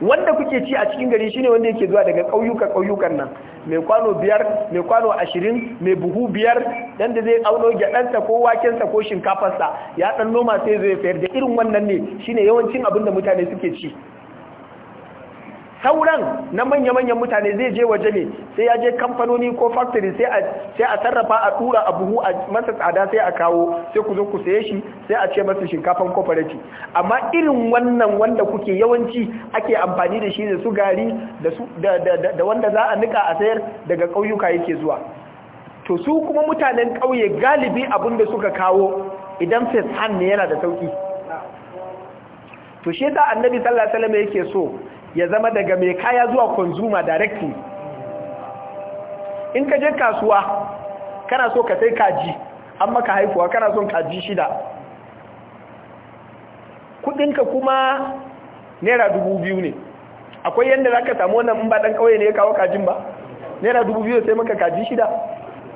wanda kuke ci a cikin gari shine wanda yake zuwa daga ƙauyuka ƙauyukan nan mai kwano biyar mai kwano ashirin mai buhu biyar dan da zai auno gyaɗansa ko wakensa ko shinkafarsa ya ɗan noma sai zai sayar da irin wannan ne shine yawancin abin da mutane suke ci sauran na manya-manyan mutane zai je waje ne sai ya je kamfanoni ko factory sai a sarrafa a tura a buhu a masa tsada sai a kawo sai ku zo ku saye shi sai a ce masa shinkafan kwafarati amma irin wannan wanda kuke yawanci ake amfani da shi da su gari da wanda za a nika a sayar daga ƙauyuka yake zuwa to su kuma mutanen ƙauye galibi abin da suka kawo idan fesan ne yana da sauki to shi yasa annabi sallallahu alaihi wasallam yake so ya zama daga mai kaya zuwa consumer directly in ka je kasuwa kana so ka sai kaji an maka haifuwa kana son kaji shida kudinka kuma naira dubu biyu ne akwai yadda za ka samu wannan in ba dan kawai ne ya kawo kajin ba naira dubu biyu sai maka kaji shida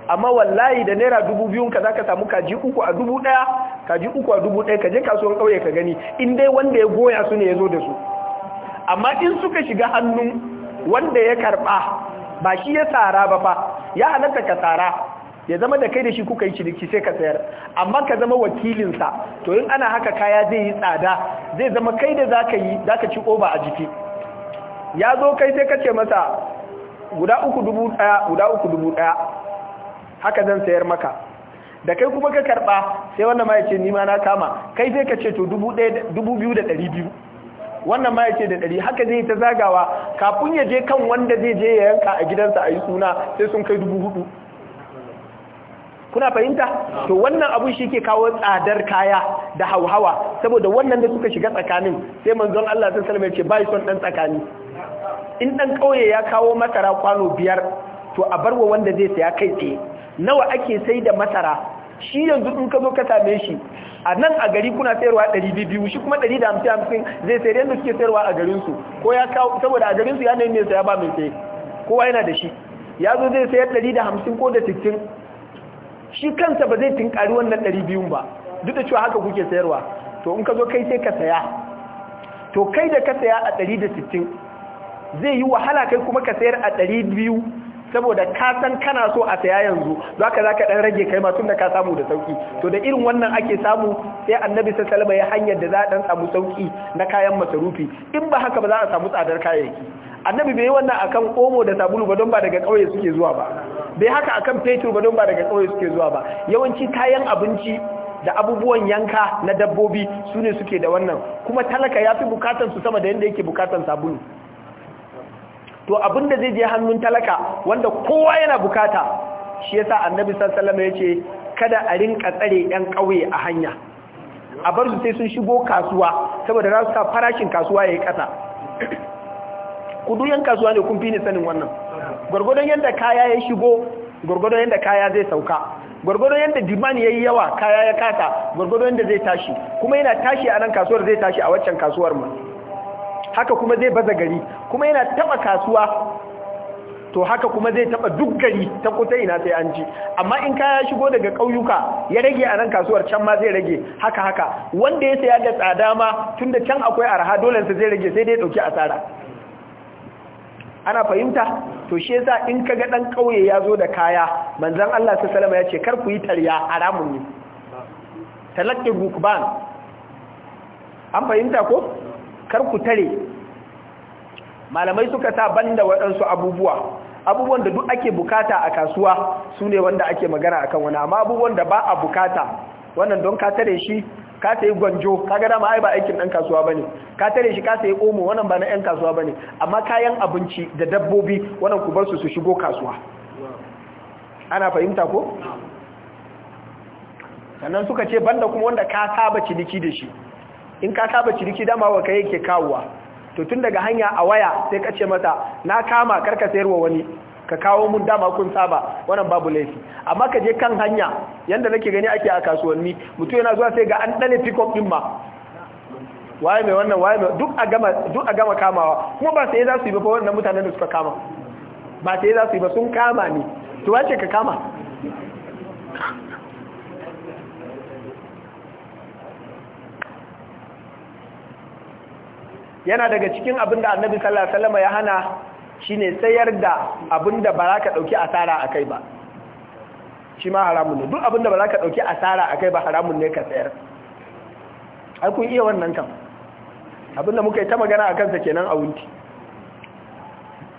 amma wallahi da naira dubu biyun ka za ka samu kaji uku a dubu ɗaya kaji uku a dubu ɗaya ka je kasuwan kawai ka gani in dai wanda ya goya su ne ya zo da su amma in suka shiga hannun wanda ya karba ba shi ya tsara ba fa ya halatta ka tsara ya zama da kai da shi kuka yi ciniki sai ka sayar amma ka zama wakilinsa to in ana haka kaya zai yi tsada zai zama kai da zaka yi zaka ci oba a jiki ya zo kai sai ka ce masa guda uku dubu daya guda uku dubu daya haka zan sayar maka da kai kuma ka karba sai wanda ma ya ce nima na kama kai sai ka ce to dubu biyu da dari biyu wannan ma yake da ɗari haka zai ta zagawa kafin ya je kan wanda zai je ya yanka a gidansa a yi suna sai sun kai dubu hudu kuna fahimta to wannan abun shi ke kawo tsadar kaya da hauhawa saboda wannan da suka shiga tsakanin sai manzon Allah sun salama ce bai son dan tsakani in dan kauye ya kawo masara kwano biyar to a barwa wanda zai saya kai tsaye nawa ake sai da masara shi yanzu in ka zo ka same shi a nan a gari kuna sayarwa 200 shi kuma 150 zai sayar yadda suke sayarwa a garinsu ko ya kawo saboda a garinsu ya nemi ya ba mai saye kowa yana da shi ya zo zai sayar 150 ko da 60 shi kansa ba zai tinkari wannan 200 ba duk da cewa haka kuke sayarwa to in ka zo kai sai ka saya to kai da ka saya a 160 zai yi wahala kai kuma ka sayar a 200 saboda ka san kana so a saya yanzu za ka ɗan rage kai masu da ka samu da sauki to da irin wannan ake samu sai annabi salama ya hanyar da za a ɗan samu sauki na kayan masarufi in ba haka ba za a samu tsadar kayayyaki annabi bai yi wannan akan omo da sabulu ba don ba daga kauye suke zuwa ba bai haka akan fetur ba don ba daga kauye suke zuwa ba yawanci kayan abinci da abubuwan yanka na dabbobi su ne suke da wannan kuma talaka ya fi bukatansu sama da yadda yake bukatan sabulu to abin da zai je hannun talaka wanda kowa yana bukata shi yasa annabi sallallahu ya ce kada a rinka tsare yan ƙauye a hanya a bar su sai sun shigo kasuwa saboda za su sa farashin kasuwa yayi kasa ku duk yan kasuwa ne kun fi ni sanin wannan gwargwadon yadda kaya ya shigo gwargwadon yadda kaya zai sauka gwargwadon yadda diman ya yi yawa kaya ya kata gwargwadon yadda zai tashi kuma yana tashi a nan kasuwar zai tashi a waccan kasuwar mu haka kuma zai baza gari kuma yana taba kasuwa to haka kuma zai taba duk gari ta kuta ina sai an ji amma in kaya shigo daga ƙauyuka ya rage a nan kasuwar can ma zai rage haka haka wanda ya saya da tsada ma tunda can akwai arha dole sa zai rage sai dai dauki asara ana fahimta to shi yasa in ka ga dan kauye ya zo da kaya manzon Allah sallallahu alaihi wasallam ya ce kar ku yi tarya haramun ne talaqqi rukban an fahimta ko kar ku tare malamai suka sa banda waɗansu abubuwa abubuwan da duk ake bukata a kasuwa su ne wanda ake magana akan kan wani amma abubuwan da ba a bukata wannan don ka tare shi ka sayi gwanjo ka ga dama ai ba aikin ɗan kasuwa bane ka tare shi ka sayi omo wannan ba na ɗan kasuwa bane amma kayan abinci da dabbobi wannan ku bar su su shigo kasuwa ana fahimta ko sannan suka ce banda kuma wanda ka saba ciniki da shi in ka saba ciniki dama wa kai yake kawowa to tun daga hanya a waya sai ka ce mata na kama karka sayarwa wani ka kawo mun dama kun saba wannan babu laifi amma ka je kan hanya yanda nake gani ake a kasuwanni mutum yana zuwa sai ga an dane pickup din ma waye mai wannan waye mai duk a gama duk a gama kamawa kuma ba sai za su yi ba wannan mutanen da suka kama ba sai za su yi ba sun kama ne to wace ka kama yana daga cikin abin da annabi sallallahu alaihi wasallam ya hana shine sayar da abin da ba za ka dauki asara akai ba shi ma haramun ne duk abin da ba za ka dauki asara akai ba haramun ne ka sayar ai kun iya wannan kan abin da muka yi ta magana a kansa kenan a wunti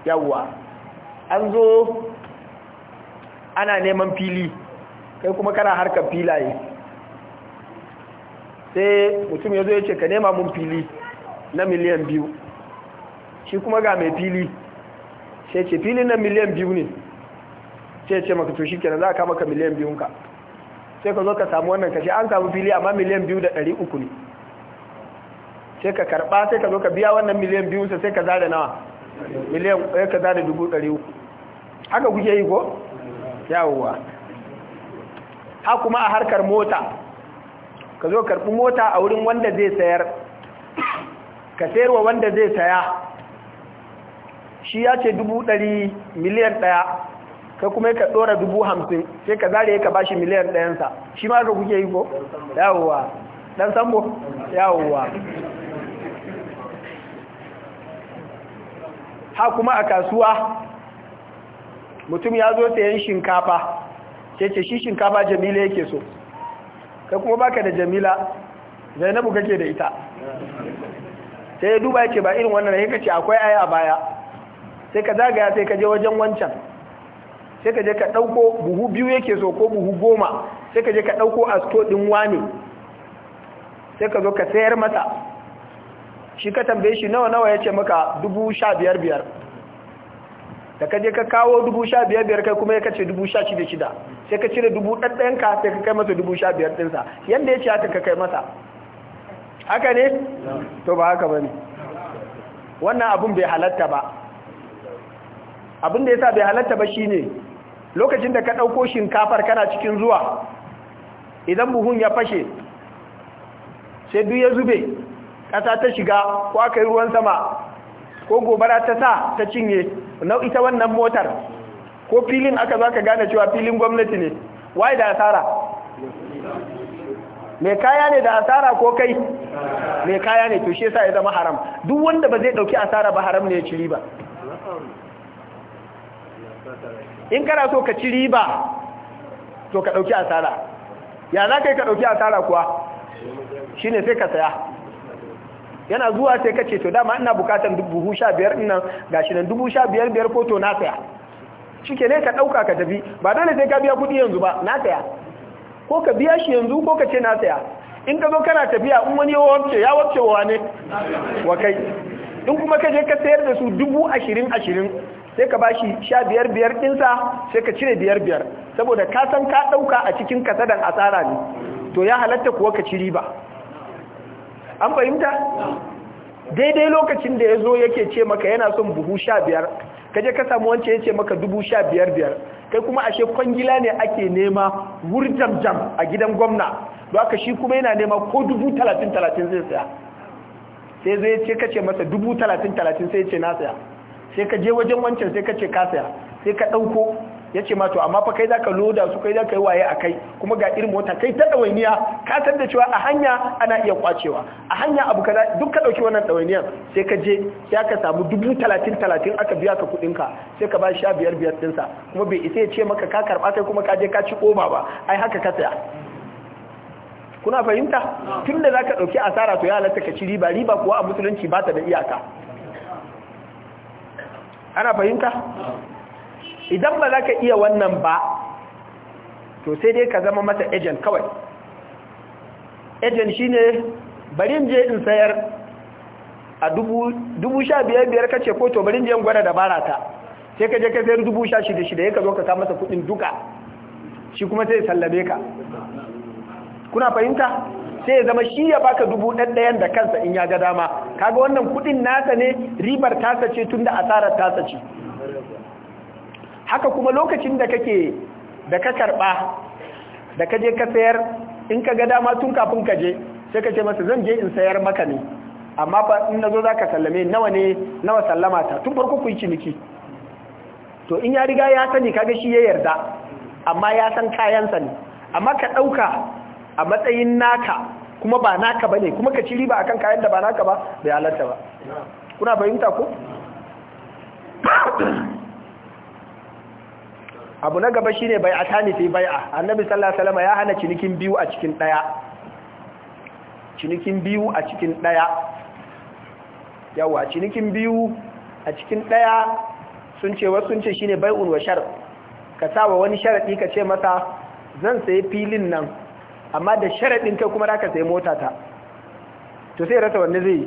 yawwa an zo ana neman fili kai kuma kana harkar filaye sai mutum ya zo ya ce ka nema mun fili na miliyan biyu shi kuma ga mai fili sai ce filin na miliyan biyu ne sai ce maka to shi kenan za a kama ka miliyan biyun ka sai ka zo ka samu wannan kashe an samu fili amma miliyan biyu da ɗari uku ne sai ka karɓa sai ka zo ka biya wannan miliyan biyun sa sai ka zare nawa miliyan ya eh, ka zare dubu ɗari uku haka kuke yi ko Yawowa. ha kuma a harkar mota ka zo karɓi mota a wurin wanda zai sayar ka sayarwa wanda zai saya shi ya ce dubu ɗari miliyan ɗaya ka kuma ka ɗora dubu hamsin sai ka zare ka bashi miliyan ɗayansa shi ma ka kuke yi ko yawowa ɗan sambo yawowa ha kuma a kasuwa mutum ya zo sayan shinkafa ce ce shi shinkafa jamila yake so ka kuma baka da jamila zainabu kake da ita sai ya duba ya ce ba irin wannan ya kace akwai aya a baya sai ka zagaya sai ka je wajen wancan sai ka je ka ɗauko buhu biyu yake so ko buhu goma sai ka je ka ɗauko asto din wani sai ka zo ka sayar masa shi ka tambaye shi nawa nawa ya ce maka dubu sha biyar biyar da ka je ka kawo dubu sha biyar biyar kai kuma ya kace dubu sha shida shida sai ka cire dubu ka sai ka kai masa dubu sha biyar ɗinsa yadda ya ce haka ka kai masa haka ne to ba haka bane wannan abun bai halatta ba abin da yasa bai halatta ba shi ne lokacin da ka ɗauko shinkafar kana cikin zuwa idan buhun ya fashe sai duk ya zube ƙasa ta shiga ko aka yi ruwan sama ko gobara ta sa ta cinye na ita wannan motar ko filin aka za ka gane cewa filin gwamnati ne waye da asara mai kaya ne da asara ko kai mai kaya ne to shi yasa ya zama haram duk wanda ba zai dauki asara ba haram ne ya ci riba in kana so ka ci riba to ka dauki asara ya za ka yi ka dauki asara kuwa Shi ne sai ka saya yana zuwa sai ka ce to dama ina bukatan dubu sha biyar nan shi nan dubu sha biyar biyar ko to na saya shi ne ka dauka ka tafi ba dole sai ka biya kudi yanzu ba na saya ko ka biya shi yanzu ko ka ce na saya in ka zo kana tafiya in wani ya ya wa ne wa kai in kuma ka je ka sayar da su dubu ashirin ashirin sai ka bashi sha biyar biyar ɗinsa sai ka cire biyar biyar saboda ka san ka ɗauka a cikin kasadan asara ne to ya halatta kuwa ka ci riba an fahimta daidai lokacin da ya zo yake ce maka yana son buhu sha biyar kaje ka samu wance ya ce maka dubu sha biyar biyar kai kuma ashe kwangila ne ake nema jam a gidan gwamna don ka shi kuma yana nema ko dubu talatin talatin zai saya sai zai ce kace masa dubu talatin talatin sai ce na saya sai ka je wajen wancan sai ka ce ka saya sai ka ɗauko ya ce mato amma fa kai za ka loda su kai za ka yi waye a kai kuma ga irin mota kai ta ɗawainiya ka san da cewa a hanya ana iya kwacewa a hanya abu kaza duk ka ɗauki wannan ɗawainiyan sai ka je sai ka samu dubu talatin talatin aka biya ka kuɗin ka sai ka ba sha biyar biyar ɗinsa kuma bai isa ya ce maka ka karɓa kai kuma ka je ka ci koma ba ai haka ka saya kuna fahimta tun da za ka ɗauki asara to ya halatta ka ci riba riba kuwa a musulunci ba ta da iyaka ana fahimta idan ba za ka iya wannan ba to sai dai ka zama masa agent kawai agent shine bari je in sayar a dubu sha biyar biyar ka ce ko to bari je in gwada dabara ta sai ka je ka sayar dubu sha shida shida ya ka zo ka sa masa kudin duka shi kuma sai sallame ka kuna fahimta sai ya zama shi ya baka dubu ɗayan da kansa in ya ga dama kaga wannan kudin nasa ne ribar tasa ce da asarar tasa ce haka kuma lokacin da kake da ka karba da ka je ka sayar in ka ga dama tun kafin ka je sai ka ce masa zan je in sayar maka ne amma fa in nazo zaka sallame nawa ne nawa sallama ta tun farko ku yi ciniki to in ya riga ya sani kaga shi ya yarda amma ya san kayansa ne amma ka dauka a matsayin naka kuma ba naka bane kuma ka ci riba akan kayan da ba naka ba bai halarta ba kuna fahimta ko abu na gaba shine bai'atani fi bai'a annabi sallallahu alaihi wasallam ya hana cinikin biyu a cikin daya cinikin biyu a cikin daya yawa cinikin biyu a cikin daya sun ce wasu sun ce shine bai'un wa shar ka sawa wani sharadi ka ce masa zan sayi filin nan amma da sharadin kai kuma zaka sayi mota ta to sai rasa wanne zai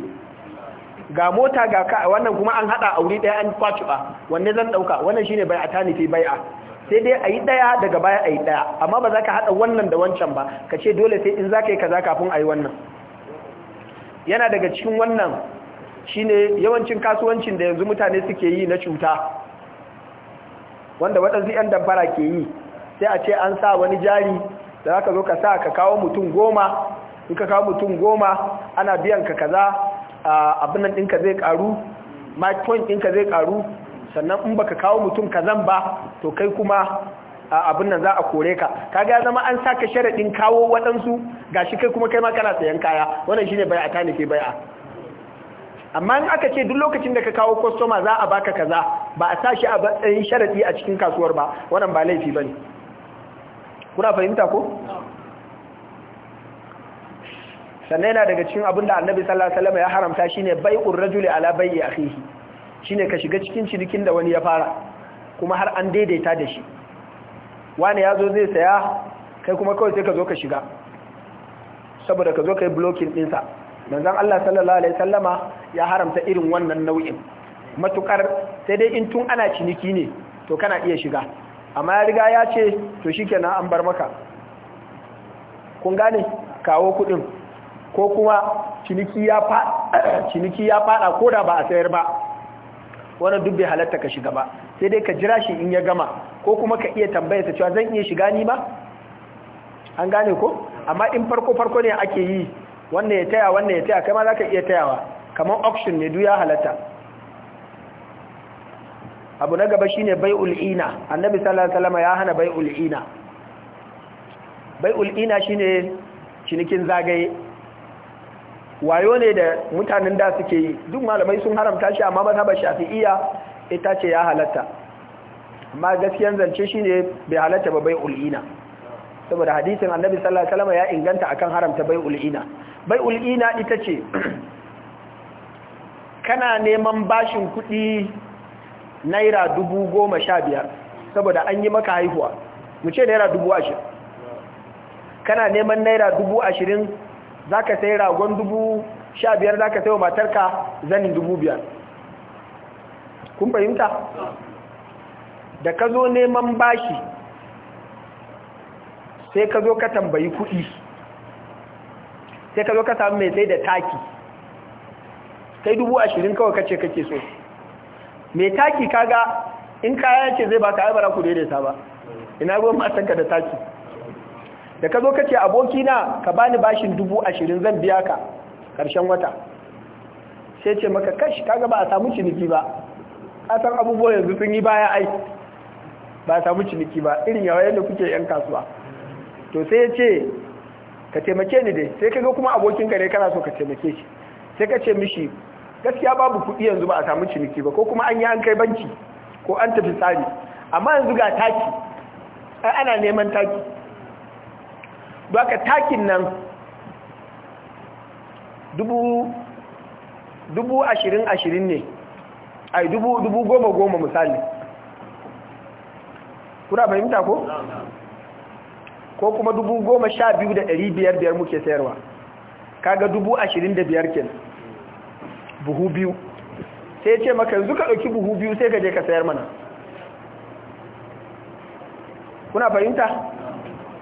ga mota ga ka wannan kuma an hada aure daya an kwaci ba wanne zan dauka wannan shine bai'atani fi bai'a sai dai a yi ɗaya daga baya a yi ɗaya amma ba za ka haɗa wannan da wancan ba ka ce dole sai in za ka yi kaza kafin a yi wannan yana daga cikin wannan shine yawancin kasuwancin da yanzu mutane suke yi na cuta wanda waɗansu 'yan damfara ke yi sai a ce an sa wani jari da za ka zo ka sa ka kawo mutum goma in ka kawo mutum goma ana biyan ka kaza ah, abin nan ɗinka zai ƙaru point ɗinka zai ƙaru sannan in baka kawo mutum kazan ba to kai kuma abin nan za a kore ka kaga zama an saka sharadin kawo waɗansu gashi kai kuma kai ma kana sayan kaya wannan shine tani ta nufi a amma in aka ce duk lokacin da ka kawo kwastoma za a baka kaza ba a sashi a matsayin sharadi a cikin kasuwar ba wannan ba laifi bane kuna fahimta ko sannan yana daga cikin abin da annabi sallallahu alaihi wasallam ya haramta shine bai'ur rajuli ala bai'i akhihi shine ka shiga cikin cinikin da wani ya fara kuma har an daidaita da shi wani ya zo zai saya kai kuma kawai sai ka zo ka shiga saboda ka zo ka yi dinsa. ɗinsa manzon Allah sallallahu alaihi sallama ya haramta irin wannan nau'in matukar sai dai in tun ana ciniki ne to kana iya shiga amma ya riga ya ce to shikenan an bar maka kun gane kawo kuɗin ko kuma ciniki ya fada ko da ba a sayar ba wannan duk bai halatta ka shiga ba sai dai ka jira shi in ya gama ko kuma ka iya tambaya ta cewa zan iya shiga ni ba an gane ko amma in farko farko ne ake yi wannan ya taya wannan ya taya kai ma zaka iya tayawa kamar auction ne duya ya halatta abu na gaba shine bai ul'ina annabi sallallahu alaihi wasallam ya hana bai ul'ina bai ul'ina shine cinikin zagaye wayo ne da mutanen da suke yi duk malamai sun haramta shi amma mazhabar shafi'iyya ita ce ya halatta amma gaskiyan zance shine bai halatta ba bai ul'ina saboda hadisin annabi sallallahu alaihi wasallam ya inganta akan haramta bai ul'ina bai ul'ina ita ce kana neman bashin kuɗi naira dubu goma sha biyar saboda an yi maka haihuwa mu ce naira dubu ashirin kana neman naira dubu ashirin za ka sai ragon dubu sha biyar za ka sai wa matarka zanin dubu biyar kun fahimta da ka zo neman bashi sai ka zo ka tambayi kuɗi sai ka zo ka samu mai sai da taki sai dubu ashirin kawai kace kake so mai taki kaga in kaya ce zai baka aibara ku daidaita ba ina ruwan matanka da taki da ka zo ka ce abokina ka bani bashin dubu ashirin zan biya ka ƙarshen wata sai ce maka kashi ka ba a samu ciniki ba a san abubuwa yanzu sun yi baya ai ba a samu ciniki ba irin yawa yadda kuke yan kasuwa to sai ya ce ka taimake ni dai sai ka zo kuma abokin ka ne kana so ka taimake shi sai ka ce mishi gaskiya babu kuɗi yanzu ba a samu ciniki ba ko kuma an yi an kai banki ko an tafi tsari amma yanzu ga taki ana neman taki baka takin nan dubu ashirin ashirin ne ai dubu goma goma misali kuna fahimta ko? ko kuma dubu goma sha biyu da ɗari biyar biyar muke sayarwa kaga dubu ashirin da biyar ke buhu biyu sai ce maka yanzu ka ɗauki buhu biyu sai ka je ka sayar mana kuna fahimta?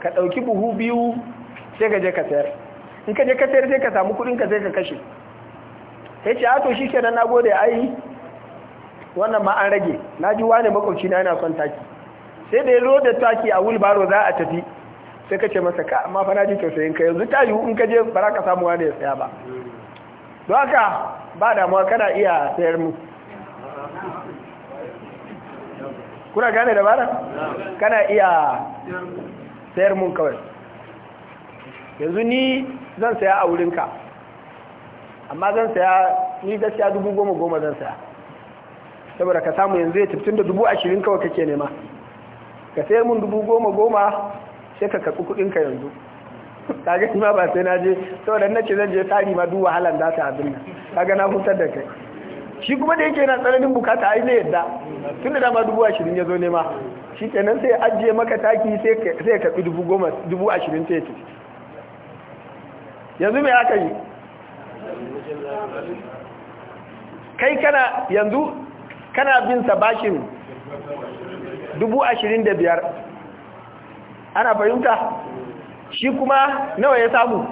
ka ɗauki buhu biyu sai ka je ka sayar in ka je ka sayar sai ka samu kuɗin ka sai ka kashe sai ce ato shi kenan na gode ai wannan ma an rage na ji wane makwabci na yana son taki sai da ya zo da taki a wilbaro za a tafi sai ka ce masa ka amma fa na ji tausayin ka yanzu ta yiwu in ka je ba ka samu wani ya saya ba don haka ba damuwa kana iya sayar mu kuna gane dabara kana iya sayar mun kawai yanzu ni zan saya a wurinka amma zan saya ni gaskiya dubu goma goma zan saya saboda ka samu yanzu ya tafi da dubu ashirin kawai kake nema ka sayar mun dubu goma goma sai ka karɓi kuɗinka yanzu kaga ma ba sai na je saboda na ce zan je tsari ma duk wahalan za ta abin nan kaga na hutar da kai shi kuma da yake na tsananin bukata ai zai yadda tun da dama dubu ashirin ya zo nema shi kenan sai ajiye maka taki sai ka fi dubu goma dubu ashirin teku yanzu mai aka yi kai kana yanzu kana bin sa bashin dubu ashirin da biyar ana fahimta shi kuma nawa ya samu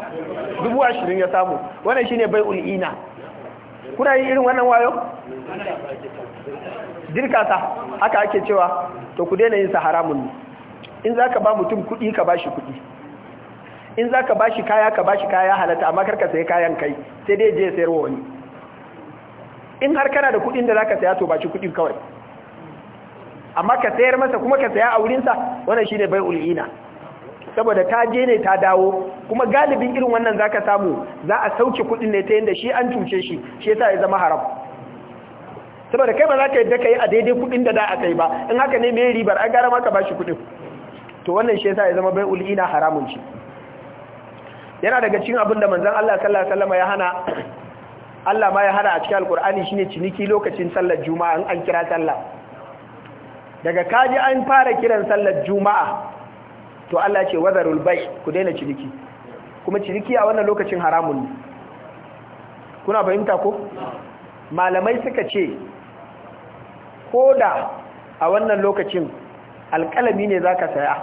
dubu ashirin ya samu wannan shine bai ul'ina kuna yi irin wannan wayo dirka sa haka ake cewa to ku daina yin sa haramun ne in zaka ba mutum kuɗi ka bashi kuɗi in zaka bashi kaya ka bashi kaya halatta amma karka sai kayan kai sai dai je sayarwa wani in har kana da kuɗin da za ka saya to bashi kuɗin kawai amma ka sayar masa kuma ka saya a wurin sa wannan shine bai ul'ina saboda ta je ne ta dawo kuma galibin irin wannan zaka samu za a sauke kuɗin ne ta yanda shi an cuce shi shi yasa ya zama haram saboda kai ba za ka yadda ka yi a daidai kuɗin da za a kai ba in haka ne mai ribar an gara maka ba shi kudin to wannan shi yasa ya zama bai ul'ina haramun shi yana daga cikin abin da manzon Allah sallallahu alaihi wasallam ya hana Allah ma ya hana a cikin alkur'ani shine ciniki lokacin sallar juma'a an kira sallah daga kaji an fara kiran sallar juma'a to Allah ce wazarul bai ku daina ciniki kuma ciniki a wannan lokacin haramun ne kuna fahimta ko malamai suka ce ko da a wannan lokacin alƙalami ne za ka saya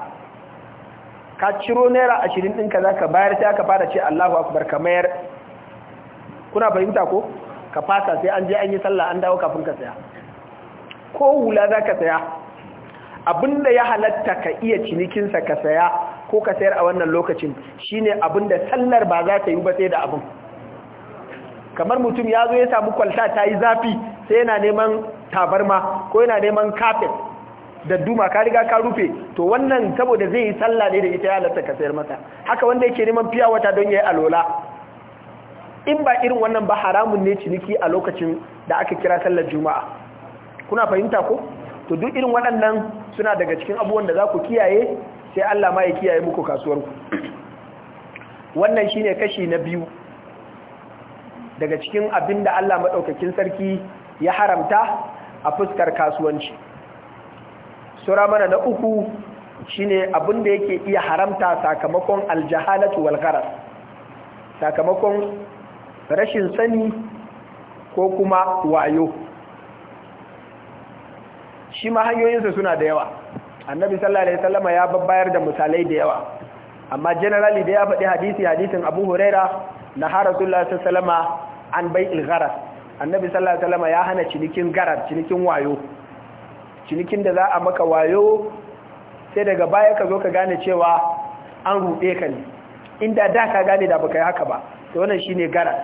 ka ciro naira ashirin ɗinka za ka bayar sai aka fara ce allahu akubar ka mayar kuna fahimta ko ka fasa sai an je an yi sallah an dawo kafin ka saya ko hula za ka saya abinda ya halatta ka iya cinikinsa ka saya ko ka sayar a wannan lokacin Shi shine abinda sallar ba za ta yi ba sai da abin kamar mutum ya zo ya samu kwalta ta yi zafi sai yana neman tabarma ko yana neman kafin da duma ka riga ka rufe to wannan saboda zai yi sallah ne da ita ya halatta ka sayar masa haka wanda yake neman fiya wata don yayi alola in ba irin wannan ba haramun ne ciniki a lokacin da aka kira sallar juma'a kuna fahimta ko to duk irin waɗannan suna daga cikin abubuwan da za ku kiyaye sai Allah ma ya kiyaye muku kasuwar ku wannan shine kashi na biyu daga cikin abinda da Allah maɗaukakin sarki ya haramta a fuskar kasuwanci sura mana na uku shine abin da yake iya haramta sakamakon aljihalatu walgara, sakamakon rashin sani ko kuma wayo shi ma hanyoyinsa suna da yawa annabi sallallahu alaihi wasallama ya babbayar da misalai da yawa amma janarali da ya faɗi hadisi hadisin abu huraira na har sallallahu alaihi wasallama an bai ilgharar annabi sallallahu alaihi wasallam ya hana cinikin garar cinikin wayo cinikin da za a maka wayo sai daga baya ka zo ka gane cewa an ruɗe ka ne inda da ka gane da baka yi haka ba to wannan shine garar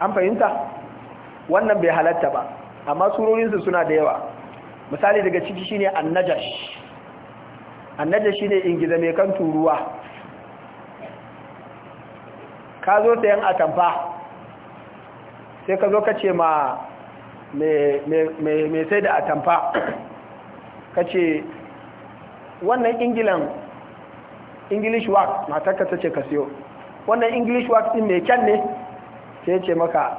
an fahimta wannan bai halatta ba amma su suna da yawa misali daga ciki shine annajash annajash shine ingiza mai kan turuwa ka zo sayan atamfa sai ka zo ka ce ma mai sai da tamfa ka ce wannan ingilan english wax matarka ta ce ka siyo wannan english wax din mai kyan ne sai ce maka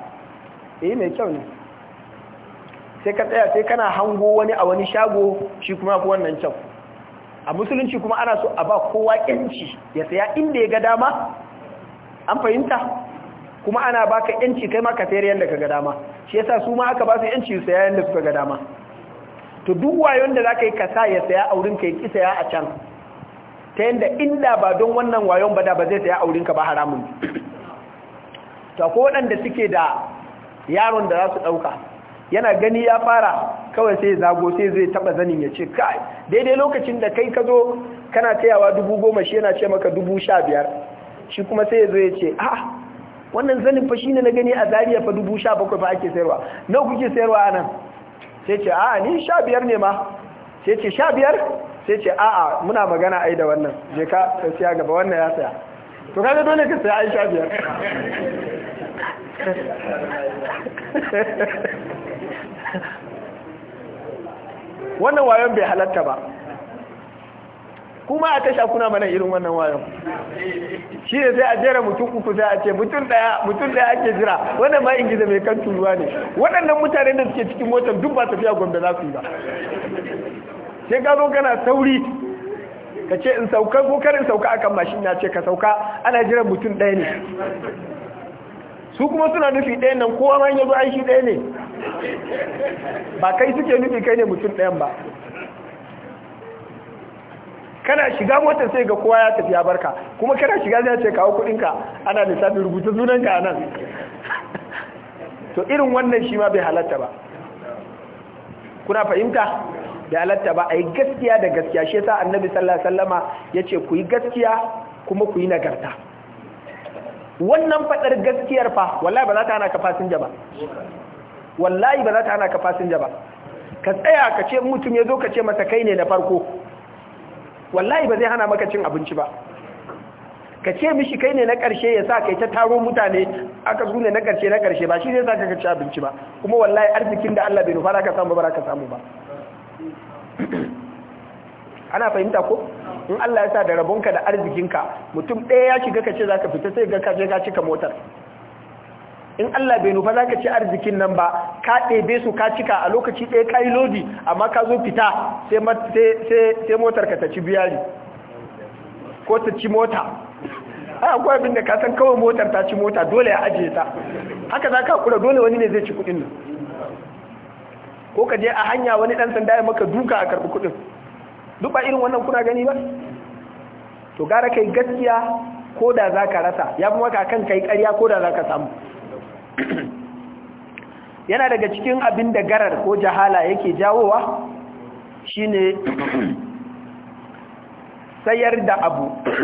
e mai kyau ne sai ka tsaya sai kana hango wani a wani shago shi kuma ku wannan kyau a musulunci kuma ana so a ba kowa yanci ya saya inda ya ga dama an fahimta kuma ana baka yanci kai ma ka sayar yanda ka ga dama shi yasa su ma aka ba su yanci saya yanda suka ga dama to duk wayon da zaka yi ka ya saya a wurin ka ya saya a can ta yanda inda ba don wannan wayon ba da ba zai saya a wurin ka ba haramun to ko waɗanda suke da yaron da za su ɗauka yana gani ya fara kawai sai zago sai zai taɓa zanin ya ce kai daidai lokacin da kai ka zo kana tayawa dubu goma shi yana ce maka dubu sha biyar shi kuma sai ya ya ce ah wannan zanin fa shine na gani a zariya fa dubu sha bakwai fa ake sayarwa na kuke sayarwa a nan sai ce a ni sha biyar ne ma sai ce sha biyar sai ce a'a muna magana ai da wannan je ka siya gaba wannan ya saya to kaga dole ka saya ai sha biyar wannan wayon bai halatta ba kuma a tasha kuna mana irin wannan wayo shi ne sai a jera mutum uku sai a ce mutum daya mutum daya ake jira wannan ma gida mai kan turuwa ne waɗannan mutane da suke cikin motar duk ba tafiya gombe za su yi ba sai ka zo kana sauri ka ce in sauka ko kar in sauka akan mashin na ce ka sauka ana jiran mutum ɗaya ne su kuma suna nufi ɗayan nan kowa ma ya zo aiki ɗaya ne ba kai suke nufi kai ne mutum ɗayan ba kana shiga motar sai ga kowa ya tafi ya barka kuma kana shiga zai ce kawo kudinka ana lissafi rubuta sunanka a nan to irin wannan shi ma bai halatta ba kuna fahimta bai halatta ba a yi gaskiya da gaskiya shi yasa annabi sallallahu alaihi wasallama yace ku yi gaskiya kuma ku yi nagarta wannan fadar gaskiyar fa wallahi ba za ta hana ka fasinja ba wallahi ba za ta hana ka fasinja ba ka tsaya ka ce mutum ya zo ka ce masa kai ne na farko wallahi ba zai hana maka cin abinci ba ka ce mishi kai ne na ƙarshe ya sa kai ta taro mutane aka zune na ƙarshe na ƙarshe ba shi zai sa ka ci abinci ba kuma wallahi arzikin da Allah bai nufa ka samu ba ka samu ba ana fahimta ko in Allah ya sa da rabonka da arzikinka mutum ɗaya ya shiga ka ce za ka fita sai ga ka je ka cika motar in Allah bai nufa za ka ci arzikin nan ba ka ɗebe su ka cika a lokaci ɗaya ka yi lodi amma ka zo fita sai motar ka ta ci biyari ko ta ci mota a akwai abin da ka san kawai motar ta ci mota dole ya ajiye ta haka za ka kula dole wani ne zai ci kuɗin nan ko ka je a hanya wani ɗan sanda ya maka duka a karɓi kuɗin duk ba irin wannan kuna gani ba to gara kai gaskiya ko da za ka rasa ya fi maka kan kai ƙarya ko da za ka samu yana daga cikin abin da garar ko jahala yake jawowa shine sayar da abu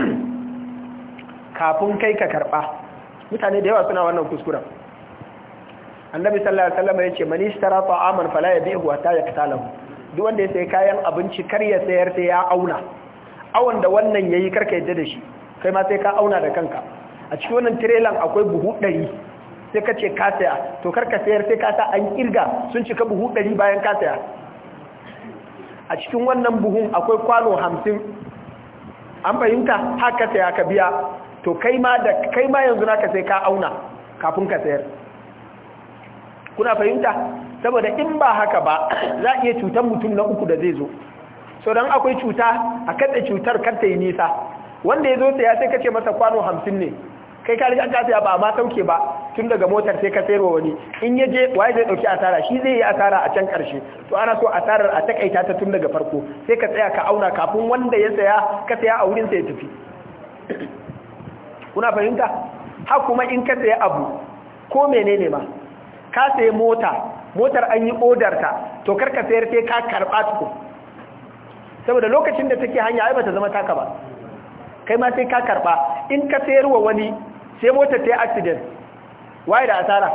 kafin kai ka karba mutane da yawa suna wannan kuskuren annabi sallallahu alaihi wasallam yace man ishtara ta'aman fala yabihu hatta yaktalahu duk wanda ya sayi kayan abinci kar ya sayar sai ya auna awon da wannan yayi karka yadda da shi kai ma sai ka auna da kanka a cikin wannan trailer akwai buhu ɗari. sai ka ka saya to karka sayar sai ka an kirga sun cika buhu ɗari bayan ka saya a cikin wannan buhun akwai kwano hamsin an fahimta haka saya ka biya to kai ma da kai ma yanzu naka sai ka auna kafin ka sayar kuna fahimta saboda in ba haka ba za iya cutar mutum na uku da zai zo so don akwai cuta a kada cutar ta yi nisa wanda ya zo saya sai kace masa kwano hamsin ne kai ka riga ka saya ba ma sauke ba tun daga motar sai ka sayarwa wani in ya je waye zai dauki asara shi zai yi asara a can karshe to ana so asarar a takaita ta tun daga farko sai ka tsaya ka auna kafin wanda ya saya ka saya a wurin sai ya tafi kuna fahimta ha kuma in ka tsaya abu ko menene ma ka saya mota motar an yi odar ta to ka sayar sai ka karba tuku saboda lokacin da take hanya ai bata zama taka ba kai ma sai ka karba in ka wa wani sai motar ta yi accident waye da asara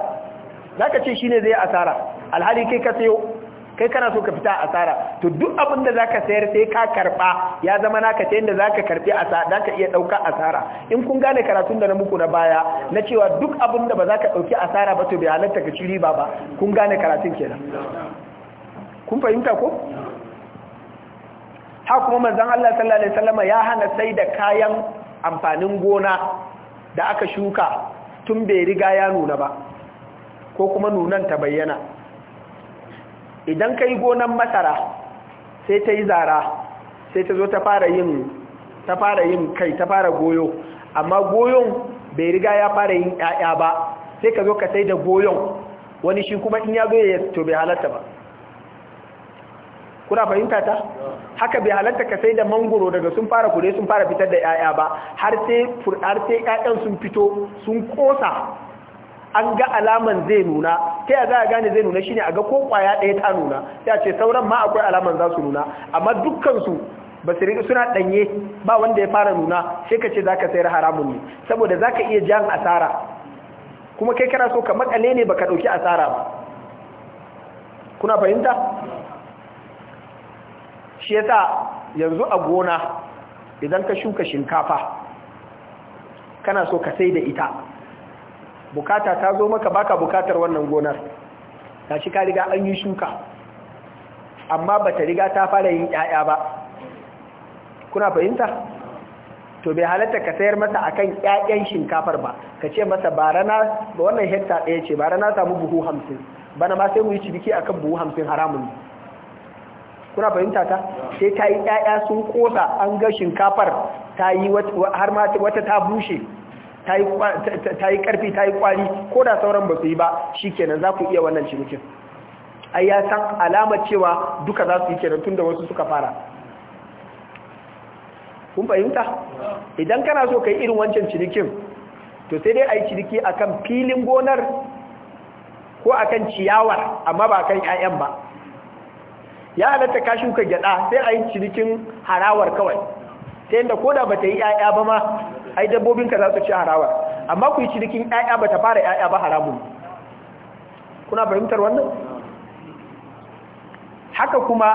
zaka ce shine zai asara alhali kai ka sayo kai kana so ka fita asara to duk abin da zaka sayar sai ka karba ya zama naka ta yanda zaka karbi asara zaka iya dauka asara in kun gane karatun da na muku na baya na cewa duk abin da ba zaka dauki asara ba to bai halatta ka ci riba ba kun gane karatun kenan kun fahimta ko ha kuma manzon Allah sallallahu alaihi wasallam ya hana sai da kayan amfanin gona da aka shuka tun bai riga ya nuna ba ko kuma nunan ta bayyana idan ka yi gonan masara sai ta yi zara sai ta zo ta fara yin kai ta fara goyo amma goyon bai riga ya fara yin 'ya'ya ba sai ka zo ka sai da goyon wani shi kuma in ya zo ya to bai halatta ba kuna fahimta ta haka bai halatta ka sai da mangoro daga sun fara kure sun fara fitar da 'ya'ya ba har sai 'ya'yan sun fito sun kosa an ga alaman zai nuna ta ya za gane zai nuna shine a ga ko kwaya ɗaya ta nuna ta ce sauran ma akwai alaman za su nuna amma dukkansu ba su suna ɗanye ba wanda ya fara nuna sai ka ce za ka sayar haramun ne saboda za ka iya jan asara kuma kai kana so ka makale ne ba ka ɗauki asara ba kuna fahimta shi yasa yanzu a gona idan ka shuka shinkafa kana so ka sai da ita bukata ta zo maka baka bukatar wannan gonar ta shi ka riga an yi shuka amma ba ta riga ta fara yin ƴaƴa ba kuna fahimta to bai halatta ka sayar masa akan ƴaƴan shinkafar ba ka ce masa bara na wannan hekta ɗaya ce bara na samu buhu hamsin bana ma sai mu yi ciniki akan buhu hamsin haramun ne kuna fahimta ta sai ta yi ƴaƴa sun kosa an ga shinkafar ta yi har ma wata ta bushe ta yi karfi ta yi kwari ko da sauran ba su yi ba shi kenan za ku iya wannan cinikin ai ya san alamar cewa duka za su yi kenan tun da wasu suka fara kun fahimta idan kana so ka yi irin wancan cinikin to sai dai a yi ciniki akan filin gonar ko akan ciyawar amma ba kan ƴaƴan ba ya halatta ka shuka gyada sai a yi cinikin harawar kawai ta yadda koda ba ta yi ‘ya'ya ba ma ai dabbobin ka za su ci harawar amma ku yi cinikin ‘ya'ya ba ta fara ‘ya'ya ba haramun kuna fahimtar wannan haka kuma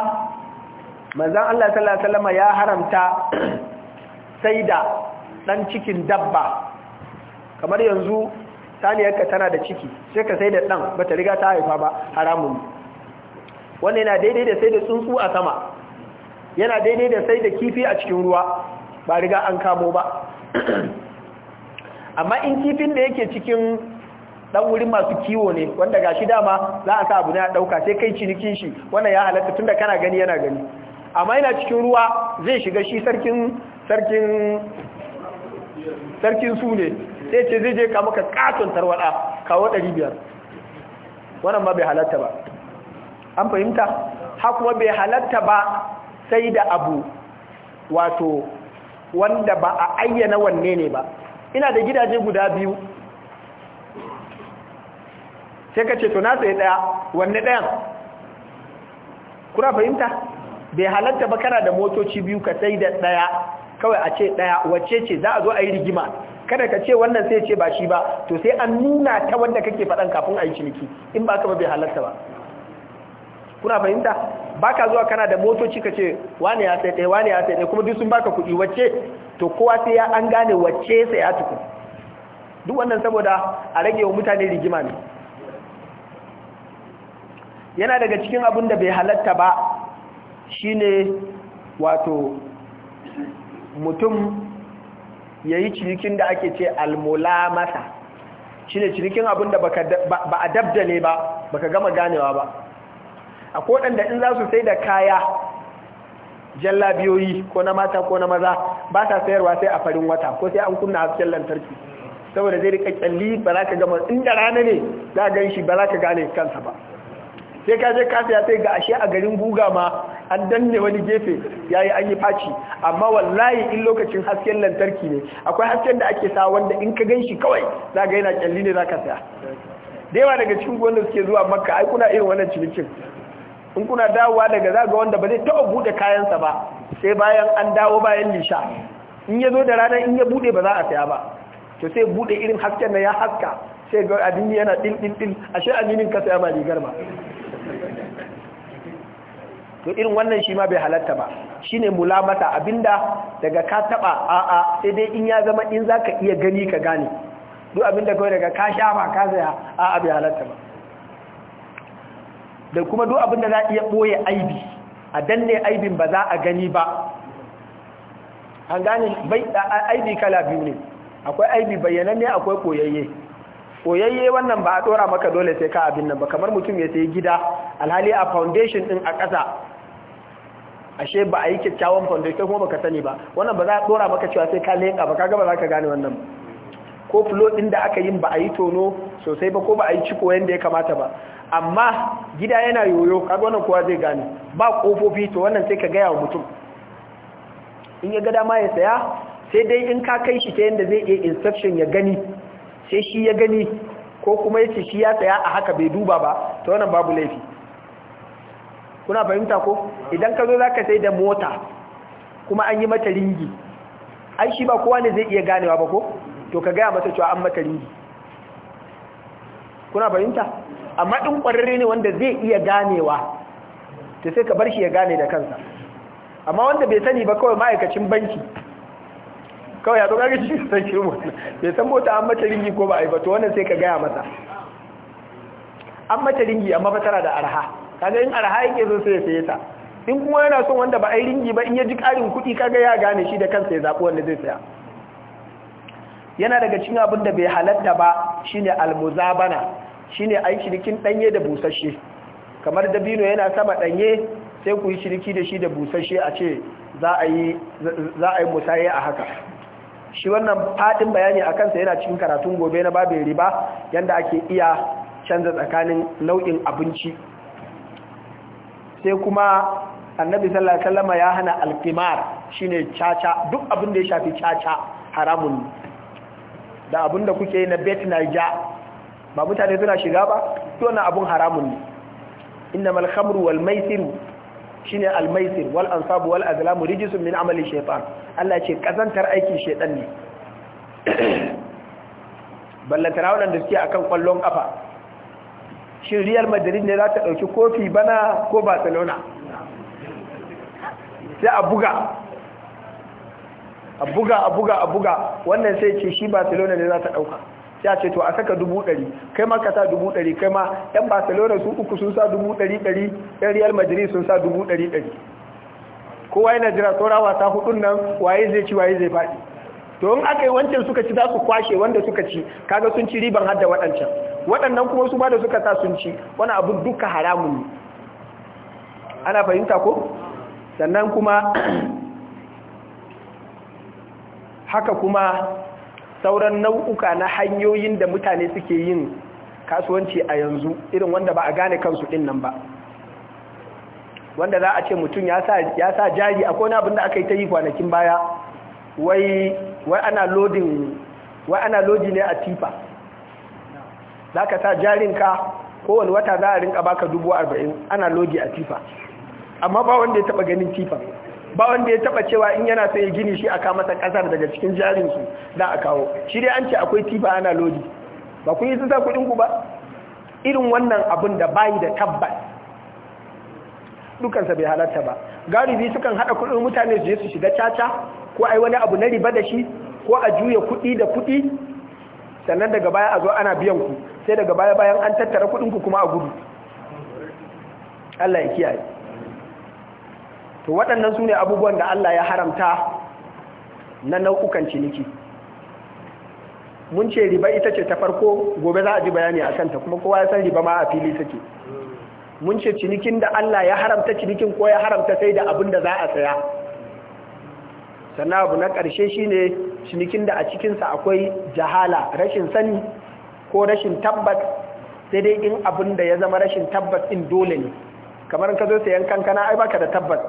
manzan Allah sallallahu Alaihi ya haramta sai da ɗan cikin dabba kamar yanzu saniyarka tana da ciki sai ka sai da ɗan bata riga ta haifa ba haramun wannan yana daidai da sai da tsuntsu a sama yana daidai da sai da kifi a cikin ruwa ba riga an kamo ba amma in kifin da yake cikin dan wurin masu kiwo ne wanda gashi dama za a sa abu na dauka sai kai cinikin shi wannan ya halatta tunda kana gani yana gani amma yana cikin ruwa zai shiga shi sarkin sarkin sarkin su ne sai ce zai je ka maka katon tarwada kawo 500 wannan ma bai halatta ba an fahimta ha kuma bai halatta ba sai da abu wato wanda ba a ayyana wanne ne ba ina da gidaje guda biyu sai ka ce to na sai daya wanne dayan kuna fahimta bai halatta ba kana da motoci biyu ka sai da daya kawai a ce daya wacce ce za a zo a yi rigima kada ka ce wannan sai ce ba shi ba to sai an nuna ta wanda kake faɗan kafin a yi ciniki in ba ka ba bai halatta ba kuna fahimta baka zuwa kana da motoci kace wane ya sai wane ya sai kuma duk sun baka kuɗi wacce to kowa sai ya an gane wacce sai ya tuku duk wannan saboda a rage wa mutane rigima ne yana daga cikin abin da bai halatta ba shine wato mutum ya yi cinikin da ake ce almola masa shine cinikin abin da ba a dabda ne ba baka gama ganewa ba a waɗanda in za su sai da kaya biyoyi ko na mata ko na maza ba sa sayarwa sai a farin wata ko sai an kunna hasken lantarki saboda zai rika kyalli ba za ka gama inda rana ne za a gan shi ba za ka gane kansa ba sai ka je kasa ya sai ga ashe a garin guga ma an danne wani gefe ya yi an yi faci amma wallahi in lokacin hasken lantarki ne akwai hasken da ake sa wanda in ka gan shi kawai za ga yana kyalli ne za ka saya da daga cikin wanda suke zuwa makka ai kuna irin wannan cinikin in kuna dawowa daga zaga wanda ba zai taɓa buɗe kayansa ba sai bayan an dawo bayan lisha in ya zo da rana in ya buɗe ba za a saya ba to sai buɗe irin hasken na ya haska sai ga adini yana ɗin ɗin ɗin ashe aminin ka saya ma rigar ba to irin wannan shi ma bai halatta ba Shi shine mulamata abinda daga ka a a'a sai dai in ya zama in zaka iya gani ka gane duk abinda kawai daga ka sha ba ka saya a'a bai halatta ba da kuma duk abin da za iya ɓoye aibi a danne aibin ba za a gani ba an gane aibi kala biyu ne akwai aibi bayyananne akwai koyayye koyayye wannan ba a dora maka dole sai ka abin nan ba kamar mutum ya sayi gida alhali a foundation din a ƙasa ashe ba a yi kyakkyawan foundation kuma baka sani ba wannan ba za a ɗora maka cewa sai ka leƙa ba kaga ba za ka gane wannan ko flow ɗin da aka yi ba a yi tono sosai ba ko ba a yi ciko yanda ya kamata ba amma gida yana yoyo kaga wannan kowa zai gane ba kofofi to wannan sai ka gaya wa mutum in ya ga dama ya saya sai dai in ka kai shi ta yadda zai iya inception ya gani sai shi ya gani ko kuma yace shi ya saya a haka bai duba ba to wannan babu laifi kuna fahimta ko idan ka zo zaka sai da mota kuma an yi mata ringi ai shi ba kowa ne zai iya ganewa ba ko to ka gaya mata cewa an mata ringi kuna fahimta amma ɗin ƙwararre ne wanda zai iya ganewa ta sai ka bar shi ya gane da kansa amma wanda bai sani ba kawai ma'aikacin banki kawai ya zo gaga shi san shi bai san mota an mata ringi ko ba a yi ba to wannan sai ka gaya masa an mata ringi amma ba tana da arha kaga in arha yake zo sai ya saye ta in kuma yana son wanda ba a yi ringi ba in ya ji ƙarin kuɗi kaga ya gane shi da kansa ya zaɓi wanda zai saya yana daga cin abin da bai halatta ba shine almuzabana shine ai shirikin danye da busasshe kamar dabino yana sama ɗanye sai ku yi shiriki da shi da busashe a ce za a yi musaye a haka shi wannan fadin bayani a kansa yana cikin karatun gobe na babin riba yadda ake iya canza tsakanin nau'in abinci sai kuma annabi sallallahu alaihi ya hana alqimar shine caca duk abin da ya shafi caca haramun da abin da kuke na bet naija ba mutane suna shiga ba to na abun haramun ne innamal khamru wal maisiru shine al maisir wal ansabu wal azlamu rijsun min amali shaytan Allah ce kazantar aikin shaytan ne ballantana waɗanda suke akan kwallon kafa shin real madrid ne za ta ɗauki kofi bana ko barcelona sai a buga a buga a buga a buga wannan sai ce shi barcelona ne za ta ɗauka ya ce to a saka dubu dari. kai ma ka sa dubu dari. kai ma yan barcelona su uku sun sa dubu dari dari. yan real madrid sun sa dubu dari dari. kowa yana jira saura wasa hudun nan waye zai ci waye zai faɗi to in aka yi wancan suka ci za su kwashe wanda suka ci kaga sun ci riban hadda waɗancan waɗannan kuma su ma da suka sa sun ci wani abu duka haramun ne ana fahimta ko sannan kuma haka kuma sauran nau'uka na hanyoyin da mutane suke yin kasuwanci a yanzu irin wanda ba a gane kansu din nan ba wanda za a ce mutum ya sa jari a kone abinda aka yi ta yi kwanakin baya wai ana lodin wai ana lodi ne a tifa za ka sa jarinka kowane wata za a rinka baka dubu arba'in ana lodi a tifa amma ba wanda ya taba ganin tifa ba wanda ya taba cewa in yana so ya gini shi aka masa kasar daga cikin jarin su da a kawo shi dai an ce akwai tifa ana lodi ba kun yi sa kudin ku ba irin wannan abin da bayi da tabbas dukansa bai halatta ba galibi sukan hada kudin mutane su je su shiga caca ko ai wani abu na riba da shi ko a juya kudi da kudi sannan daga baya a zo ana biyan ku sai daga baya bayan an tattara kudin ku kuma a gudu Allah ya kiyaye to waɗannan su ne abubuwan da Allah ya haramta na nau'ukan ciniki mun ce riba ita ce ta farko gobe za a ji bayani a kanta kuma kowa ya san riba ma a fili take mun ce cinikin da Allah ya haramta cinikin ko ya haramta sai da abin da za a saya sannan abu na ƙarshe shi ne cinikin da a cikinsa akwai jahala rashin sani ko rashin tabbat sai dai in abin da ya zama rashin tabbas in dole ne kamar ka zo sayan kankana ai baka da tabbas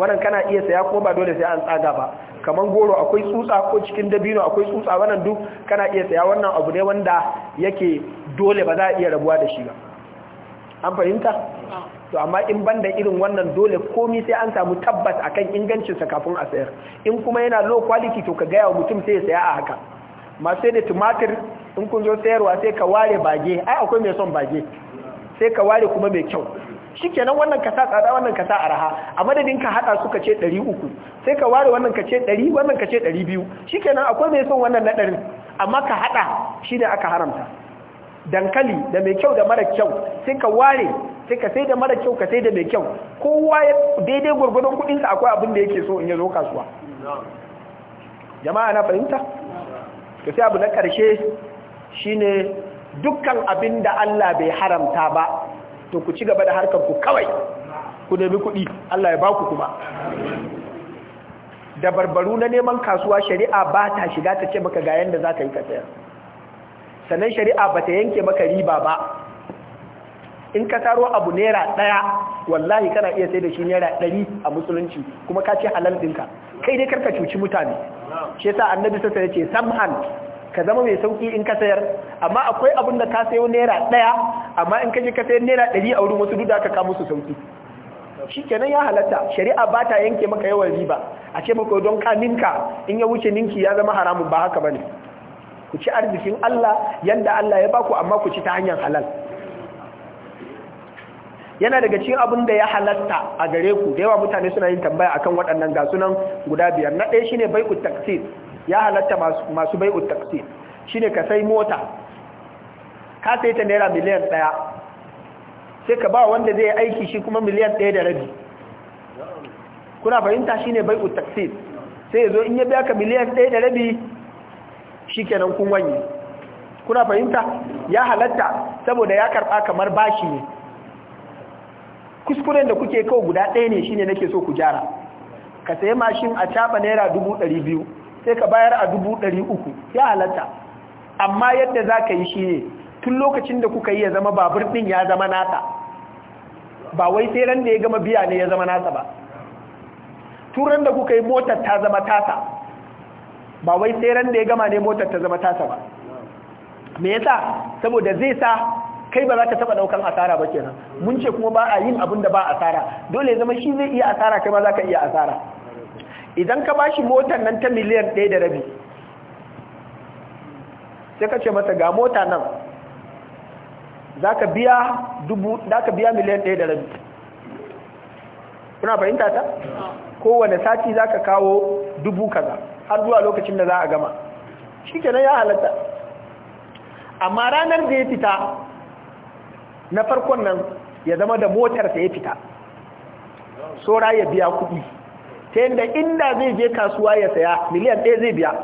wannan kana iya saya ko ba dole sai an tsaga ba kamar goro akwai tsutsa ko cikin dabino akwai tsutsa wannan duk kana iya saya wannan abu ne wanda yake dole ba za a iya rabuwa da shi ba an fahimta to amma in banda irin wannan dole komi sai an samu tabbas akan ingancin sa kafin a sayar in kuma yana low quality to ka gaya wa mutum sai ya saya a haka masu da tumatir in kun zo sayarwa sai ka ware bage ai akwai mai son bage sai ka ware kuma mai kyau shikenan wannan ka sa tsada wannan ka sa araha a madadin ka hada suka ce 300 sai ka ware wannan ka ce 100 wannan ka ce 200 shikenan akwai mai son wannan na amma ka hada shine aka haramta dankali da mai kyau da mara kyau sai ka ware sai ka sai da mara kyau ka sai da mai kyau kowa ya daidai gwargwadon kuɗinsa akwai abin da yake so in ya zo kasuwa jama'a na fahimta to sai abu na karshe shine dukkan abin da Allah bai haramta ba to ku ci gaba da harkar ku kawai ku nemi kuɗi Allah ya baku kuma da barbaru na neman kasuwa shari'a ba ta shiga ta ce maka ga yanda za ka yi ka sayar sannan shari'a ba ta yanke maka riba ba in ka taro abu naira ɗaya wallahi kana iya sai da shi naira ɗari a musulunci kuma ka ce halal ɗinka kai dai karka cuci mutane shi yasa annabi sassa ya ce samhan ka zama mai sauki in ka sayar amma akwai abin da ka sayo naira ɗaya amma in ka je ka sayar naira ɗari a wurin wasu duk da aka kawo musu sauki shi kenan ya halatta shari'a ba ta yanke maka yawan riba a ce maka don ka ninka in ya wuce ninki ya zama haramun ba haka bane ku ci arzikin Allah yanda Allah ya baku amma ku ci ta hanyar halal yana daga cikin abin da ya halatta a gare ku da yawa mutane suna yin tambaya akan waɗannan gasunan guda biyar na ɗaya shine ku taksir ya halatta masu bai uttaksi shi ne ka sai mota ka sai ta naira miliyan ɗaya sai ka ba wanda zai aiki shi kuma miliyan ɗaya da rabi kuna fahimta shi ne bai uttaksi sai zo in ya biya ka miliyan ɗaya da rabi shi kenan kun kuna fahimta ya halatta saboda ya karba kamar bashi ne kuskuren da kuke kawo guda ɗaya ne shine nake so ku jara ka sayi mashin a caɓa naira dubu ɗari biyu sai ka bayar a dubu ɗari uku ya halatta amma yadda za ka yi shi ne tun lokacin da kuka yi ya zama babur ɗin ya zama nata ba wai sai ran da ya gama biya ne ya zama nasa ba tun ran da kuka yi motar ta zama tasa ba wai sai ran da ya gama ne motar ta zama tasa ba me yasa saboda zai sa kai ba za ka taba daukan asara ba kenan mun ce kuma ba a yin abin da ba asara dole zama shi zai iya asara kai ma za ka iya asara idan ka ba shi motar nan ta miliyan ɗaya da rabi sai ka ce masa ga mota nan za ka biya miliyan ɗaya da rabi kuna fahimta ta? kowane sati za ka kawo dubu kaza har zuwa lokacin da za a gama shi kenan ya halatta amma ranar da ya fita na farkon nan ya zama da motar ta ya fita tsora ya biya kuɗi ta yadda inda zai je kasuwa ya saya miliyan ɗaya zai biya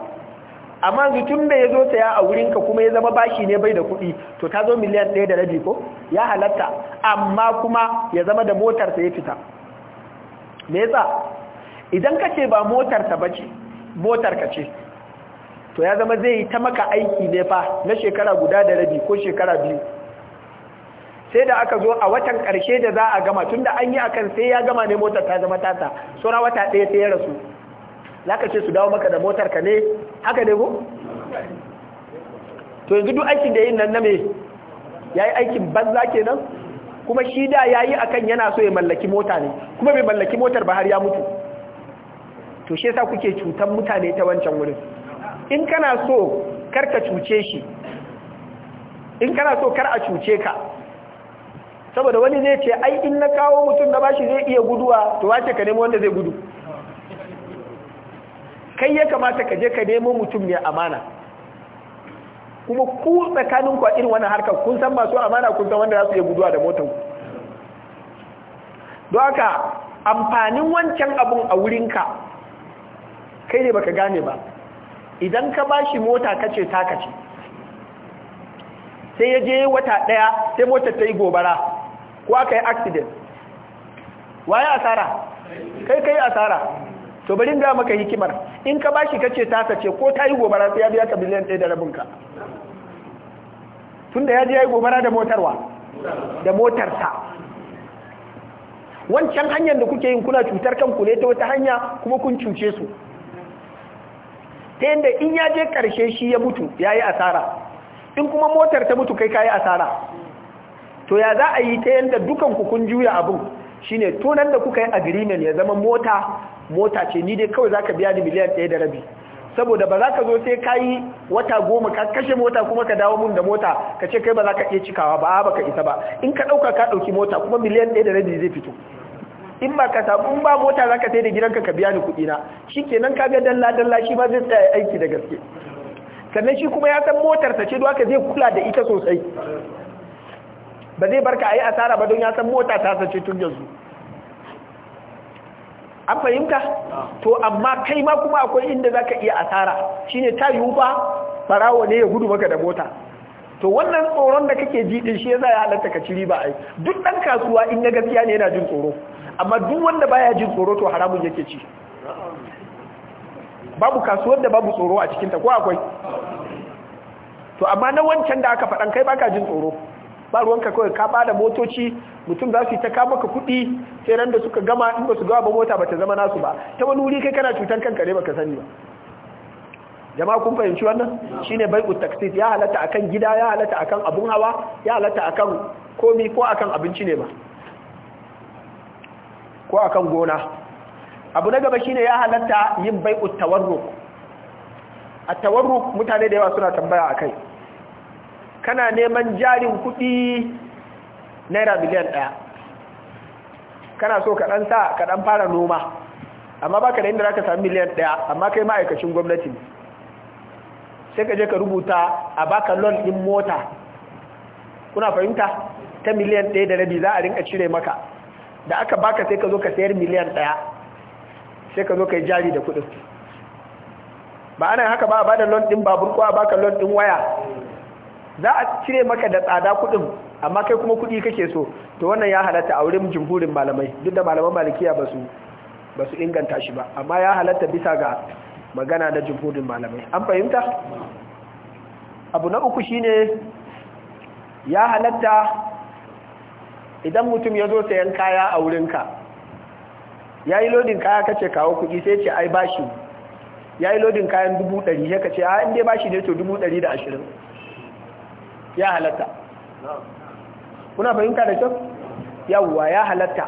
amma zutun da ya zo saya a wurinka kuma ya zama bashi ne bai da kuɗi to ta zo miliyan ɗaya da rabi ko ya halatta amma kuma ya zama da motarsa ya fita me yasa idan ka ce ba motarsa ba ce motar ka ce to ya zama zai yi ta maka aiki ne fa na shekara guda da rabi ko shekara biyu sai da aka zo a watan karshe da za a gama tunda an yi akan sai ya gama ne motar ta zama tata sura wata ɗaya sai ya rasu zaka ce su dawo maka da motar ka ne haka ne ko to yanzu duk aikin da yin nan na me yi aikin banza nan? kuma shi da ya yayi akan yana so ya mallaki mota ne kuma bai mallaki motar ba har ya mutu to shi sa kuke cutan mutane ta wancan wurin in kana so kar ka cuce shi in kana so kar a cuce ka saboda wani zai ce ai in na kawo mutum na bashi zai iya guduwa to wace ka nemo wanda zai gudu kai ya kamata ka je ka nemo mutum mai amana kuma ku tsakanin ku a irin wannan harkar kun san masu amana kun san wanda za su iya guduwa da motar don haka amfanin wancan abun a wurinka kai ne baka gane ba idan ka bashi mota kace ta kace sai ya je wata daya sai motar ta yi gobara ko ka yi accident waye asara kai ka yi asara to bari da maka hikimar in ka bashi kace tasa ce ko ta yi gobara sai ya biya ka biliyan ɗaya da rabin ka da ya je ya yi gobara da motarwa da motarsa wancan hanyar da kuke yin kuna cutar kanku ne ta wata hanya kuma kun cuce su ta yadda in ya je karshe shi ya mutu ya yi asara in kuma motar ta mutu kai ka yi asara to ya za a yi ta yadda dukan ku kun juya abin shine tunan da kuka yi agreement ya zama mota mota ce ni dai kawai za ka biya ni miliyan ɗaya da rabi saboda ba za ka zo sai ka yi wata goma ka kashe mota kuma ka dawo mun da mota ka ce kai ba za ka iya cikawa ba ba ka isa ba in ka ɗauka ka ɗauki mota kuma miliyan ɗaya da rabi zai fito in ba ka samu ba mota za ka sai da gidanka ka biya ni kuɗi na shi kenan ka ga dalla dalla shi ba zai tsaya aiki da gaske sannan shi kuma ya san motar ta ce duwaka zai kula da ita sosai ba zai barka a yi asara ba don ya san mota ta sace tun yanzu an fahimta to amma kai ma kuma akwai inda za ka iya asara shine ta yiwu ba farawa ne ya gudu maka da mota to wannan tsoron da kake ji din shi yasa ya halatta ka ciri ba ai duk dan kasuwa in na gaskiya ne yana jin tsoro amma duk wanda baya jin tsoro to haramun yake ci babu kasuwar da babu tsoro a cikin ta ko akwai to amma na wancan da aka faɗan kai baka jin tsoro ba ruwanka kawai ka bada motoci mutum za su ta ka maka kuɗi sai ran da suka gama in ba su gawa ba mota ba ta zama nasu ba ta wani wuri kai kana cutan kanka ne baka sani ba jama'a kun fahimci wannan shine bai'ut taksit ya halatta akan gida ya halatta akan abun hawa ya halatta akan komi ko akan abinci ne ba ko akan gona abu na gaba shine ya halatta yin bai'ut tawarruk a tawarruk mutane da yawa suna tambaya akai kana neman jarin kuɗi naira miliyan ɗaya kana so ka sa ka fara noma amma baka da inda za ka sami miliyan ɗaya amma kai ma'aikacin gwamnati sai ka je ka rubuta a baka lon ɗin mota kuna fahimta ta miliyan ɗaya da rabi za a rinka cire maka da aka baka sai ka zo ka sayar miliyan ɗaya sai ka zo ka yi jari da kuɗi ba ana haka ba a bada lon ɗin babur ko a baka lon ɗin waya za a cire maka da tsada kuɗin amma kai kuma kuɗi kake so to wannan ya halatta a wurin jumhurin malamai duk da malaman malikiya ba su ba su inganta shi ba amma ya halatta bisa ga magana da jumhurin malamai an fahimta abu na uku shine ya halatta idan mutum ya zo sayan kaya a wurinka ya yi lodin kaya kace kawo kuɗi sai ce ai bashi ya yi lodin kayan dubu ɗari ya kace a inda bashi ne to dubu ɗari da ashirin ya halatta kuna fahimta da kyau yawwa ya halatta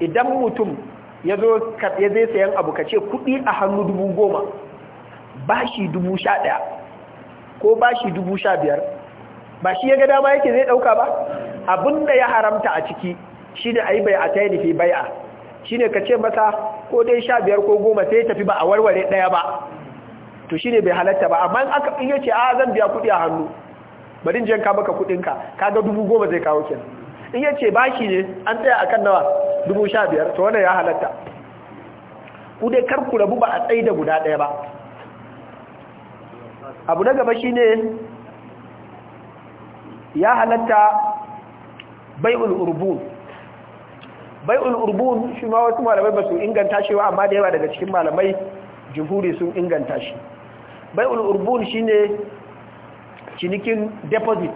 idan mutum ya zo ya zai sayan abu ka ce kuɗi a hannu dubu goma bashi dubu sha daya, ko bashi dubu sha biyar ba shi ya ga dama yake zai ɗauka ba abinda ya haramta a ciki shi ne a yi bai'a ta yi nufi a shi ne ka ce masa ko dai sha biyar ko goma sai tafi ba a warware ɗaya ba to shi ne bai halatta ba amma in aka iya ce a zan biya kuɗi a hannu bari jiyan ka baka kudinka kaga dubu goma zai kawo kenan in yace ce bashi ne an tsaya akan nawa dubu sha biyar to wannan ya halatta ku dai kar ku rabu ba a tsaye da guda ɗaya ba abu na gaba shine ya halatta bai'ul urbun bai'ul urbun shi ma wasu malamai ba su inganta shi ba amma da yawa daga cikin malamai jihuri sun inganta shi bai'ul urbun shine cinikin deposit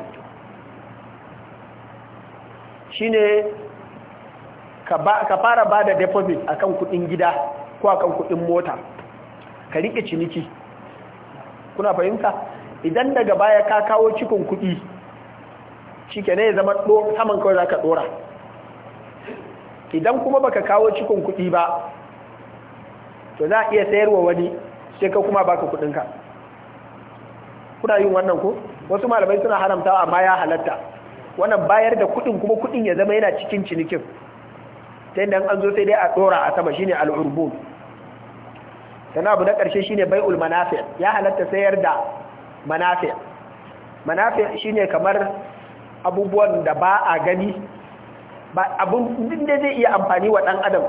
shine ka fara ba da deposit akan kudin gida ko akan kudin mota ka rike ciniki kuna fahimta idan daga baya ka kawo cikin kudi shike ne zama saman kawai za ka dora idan kuma baka kawo cikin kudi ba to za a iya sayarwa wani sai ka kuma baka kudinka kuna yin wannan ko? wasu malamai suna haramtawa amma ya halatta wannan bayar da kuɗin kuma kuɗin ya zama yana cikin cinikin ta yadda an zo sai dai a ɗora a sama shine al'urbu. sannan abu na ƙarshe shine bai'ul manafi ya halatta sayar da manafi manafi shine kamar abubuwan da ba a gani ba abun din da zai iya amfani wa ɗan adam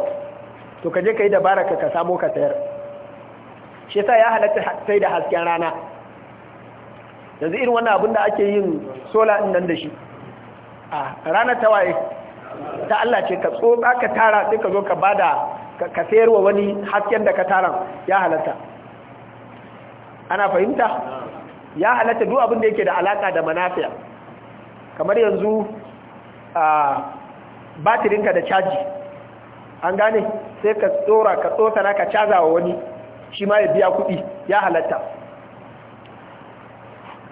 to kaje kai dabara ka ka samo ka sayar shi sa ya halatta sai da hasken rana yanzu irin wannan abin da ake yin sola ɗin nan da shi a ranar tawaye ta Allah ce ka tsotsa ka tara sai ka zo ka bada ka sayarwa wani hasken da ka tara ya halatta ana fahimta ya halatta duk abin da yake da alaka da manafiya kamar yanzu a batirinka da caji an gane sai ka tsora ka na ka caza wa wani shi ma ya biya kuɗi ya halatta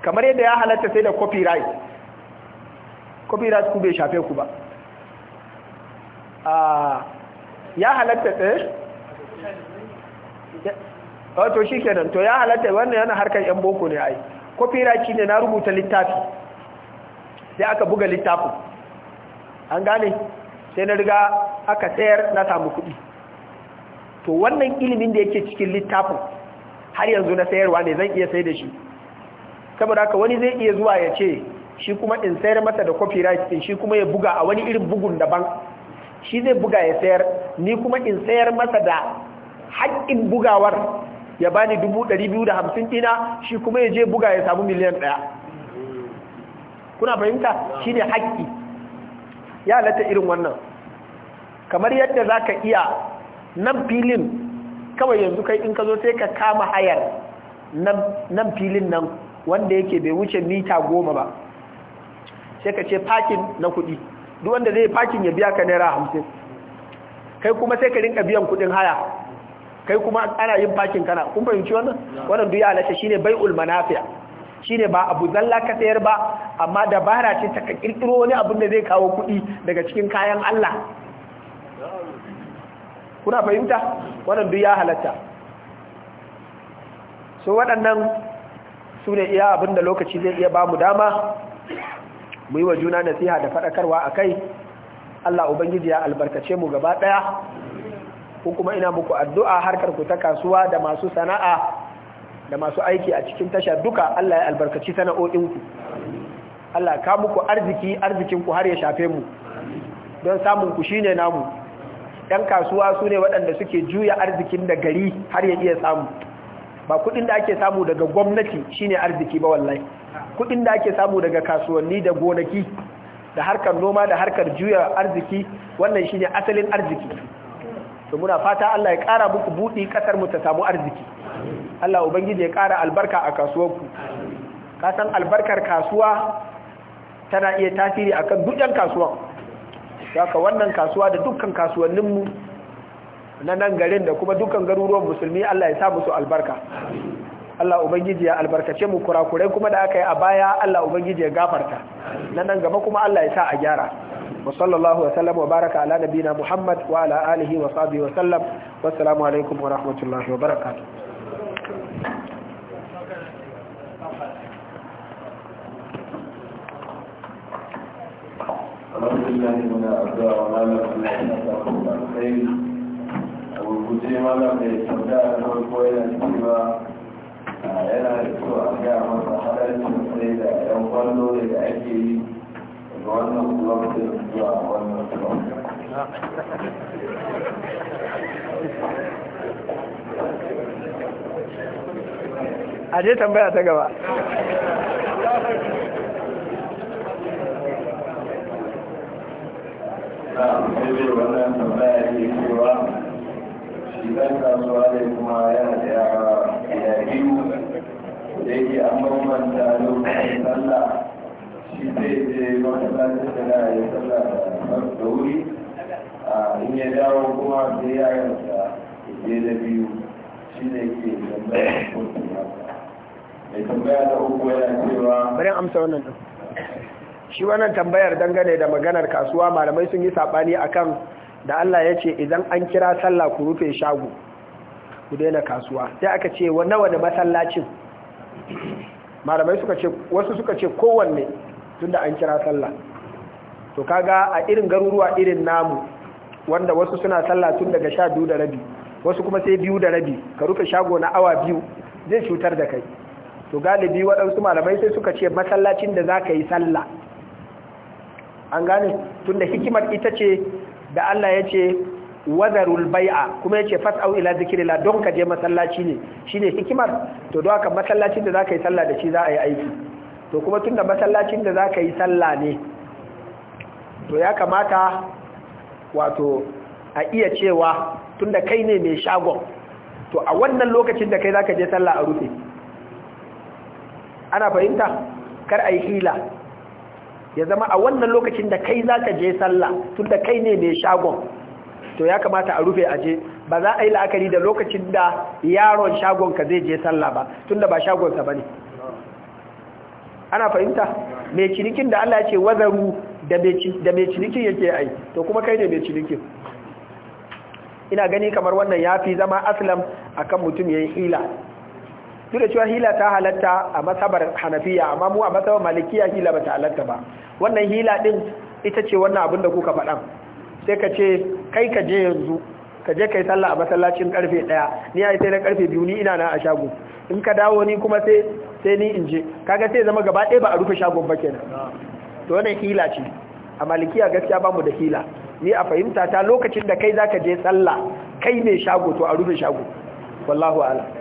kamar yadda ya halatta sai da copyright copyright ku bai shafe ku ba ah, ya halatta tsaye eh? wato oh, shi kenan to ya halatta wannan yana harkar yan boko ne ai copyright ne na rubuta littafi sai aka buga littafin an gane sai na riga aka tsayar na samu kudi to wannan ilimin da yake cikin littafin har yanzu na sayarwa ne zan iya sai da shi saboda haka wani zai iya zuwa ya ce shi kuma in sayar masa da copyright din shi kuma ya buga a wani irin bugun daban shi zai buga ya sayar ni kuma in sayar masa da haƙƙin bugawar ya bani hamsin ɗina shi kuma ya je buga ya samu miliyan ɗaya kuna fahimta shi ne haƙƙi ya halatta irin wannan kamar yadda za ka iya nan filin kawai yanzu kai in ka zo sai ka kama hayar nan filin nan wanda yake bai wuce mita goma ba sai ka ce pakin na kuɗi duk wanda zai pakin ya biya ka naira hamsin kai kuma sai ka rinka biyan kuɗin haya kai kuma ana yin pakin kana kun fahimci wannan wannan duk ya halatta shine bai ulmanafiya shine ba abu zalla ka sayar ba amma dabara ce ta ka kirkiro wani abin da zai kawo kuɗi daga cikin kayan Allah kuna fahimta wannan duk ya halatta so waɗannan su ne iya abinda lokaci zai iya ba mu dama mu yi wa juna nasiha da faɗakarwa a kai Allah Ubangiji ya albarkace mu gaba ɗaya ko kuma ina muku addu'a harkar ku ta kasuwa da masu sana'a da masu aiki a cikin tashar duka Allah ya albarkaci sana'o'inku Allah ka muku arziki arzikinku har ya shafe mu don samun ku shine namu ‘yan kasuwa su ne waɗanda suke juya arzikin da gari har ya iya samu ba kudin da ake samu daga gwamnati shine arziki ba wallahi kudin da ake samu daga kasuwanni da gonaki da harkar noma da harkar juya arziki wannan shine asalin arziki to muna fata Allah ya kara muku budi kasar mu ta samu arziki Allah ubangiji ya kara albarka a kasuwanku ka albarkar kasuwa tana iya tasiri akan dukkan kasuwa haka wannan kasuwa da dukkan kasuwanninmu na nan garin da kuma dukkan garuruwan musulmi Allah ya sa musu albarka Allah ubangiji ya albarkace mu kurakurai kuma da aka yi a baya Allah ubangiji ya gafarta na nan gaba kuma Allah ya sa a gyara wa sallallahu wa sallam wa baraka ala nabina Muhammad wa ala alihi wa sabi wa sallam salamu alaikum wa rahmatullahi wa barakatuh الحمد لله من أعزاء ولا لكم gurguje mana mai tambaya na farko yana cewa ah, yana da kyau a gaya masa halarcin sai da yan kwallo da ake yi daga wannan kulob din zuwa wannan kulob a je tambaya ta gaba na ah, sai wannan tambaya ne cewa idan kasuwa ne kuma yana da yara da biyu da yake an bambanta lokacin sallah shi zai je masallacin da na yi sallah da wuri A in ya dawo kuma sai yaransa je da biyu shi ne ke tambaya ya haka mai tambaya da uku yana cewa bari amsa wannan shi wannan tambayar dangane da maganar kasuwa malamai sun yi saɓani akan da Allah ya ce idan an kira sallah ku rufe shago ku daina kasuwa sai aka ce nawa da masallacin malamai suka ce wasu suka ce kowanne tunda an kira sallah to kaga a irin garuruwa irin namu wanda wasu suna sallah tun daga sha biyu da rabi wasu kuma sai biyu da rabi ka rufe shago na awa biyu zai cutar da kai to galibi waɗansu malamai sai suka ce masallacin da za ka yi sallah an gane tunda hikimar ita ce da Allah ya ce wadarul bai'a kuma ya ce fas'au ila zikrillah don ka je masallaci ne shine hikimar to don haka masallacin da za ka yi sallah da shi za a yi aiki to kuma tun da masallacin da za ka yi sallah ne to ya kamata wato a iya cewa tun da kai ne mai shagon to a wannan lokacin da kai za ka je sallah a rufe ana fahimta kar a yi hila ya zama a wannan lokacin da kai za ka je sallah tun da kai ne mai shagon to ya kamata a rufe aje ba za a yi la'akari da lokacin da yaron shagon ka zai je sallah ba tun da ba shagonsa ba ne ana fahimta mai cinikin da Allah ya ce wazaru da mai cinikin yake ai to kuma kai ne mai cinikin ina gani kamar wannan ya fi zama aslam akan mutum ya yi ila. duk da cewa hila ta halatta a masabar hanafiya amma mu a masabar malikiya hila ba ta halatta ba wannan hila din ita ce wannan abin da kuka faɗan sai ka ce kai ka je yanzu ka je kai sallah a masallacin karfe ɗaya ni ai sai na karfe biyu ni ina na a shago in ka dawo ni kuma sai sai ni in je kaga sai zama gaba ɗaya ba a rufe shagon ba kenan to wannan hila ce a malikiya gaskiya ba mu da hila ni a fahimta ta lokacin da kai zaka je sallah kai ne shago to a rufe shago wallahu a'lam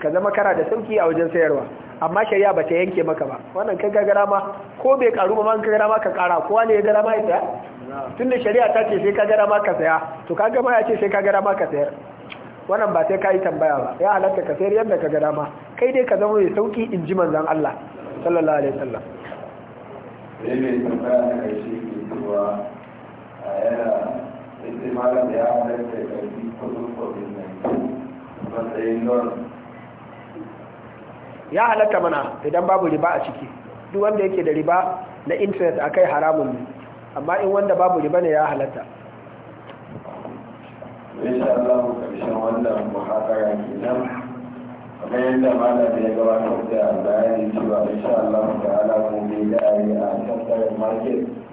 ka zama kana da sauki a wajen sayarwa amma shari'a ba ta yanke maka ba wannan kan ga garama ko bai karu ba man ka garama ka kara ko wani ya garama ya saya tunda shari'a ta ce sai ka garama ka saya to ka gama ya ce sai ka garama ka sayar wannan ba sai ka yi tambaya ba ya halatta ka sayar yadda ka garama kai dai ka zama mai sauki in ji manzon Allah sallallahu alaihi wasallam sai mai tambaya na karshe ke cewa a yara sai malam ya halatta ka bi kudin kudin nan don ya halatta mana idan babu riba a ciki duk wanda yake da riba na internet akai haramun ne amma in wanda babu riba ne ya halatta insha Allah kamar yadda malam ya gabata da bayani cewa insha Allah ta'ala gobe da ayi a tattara market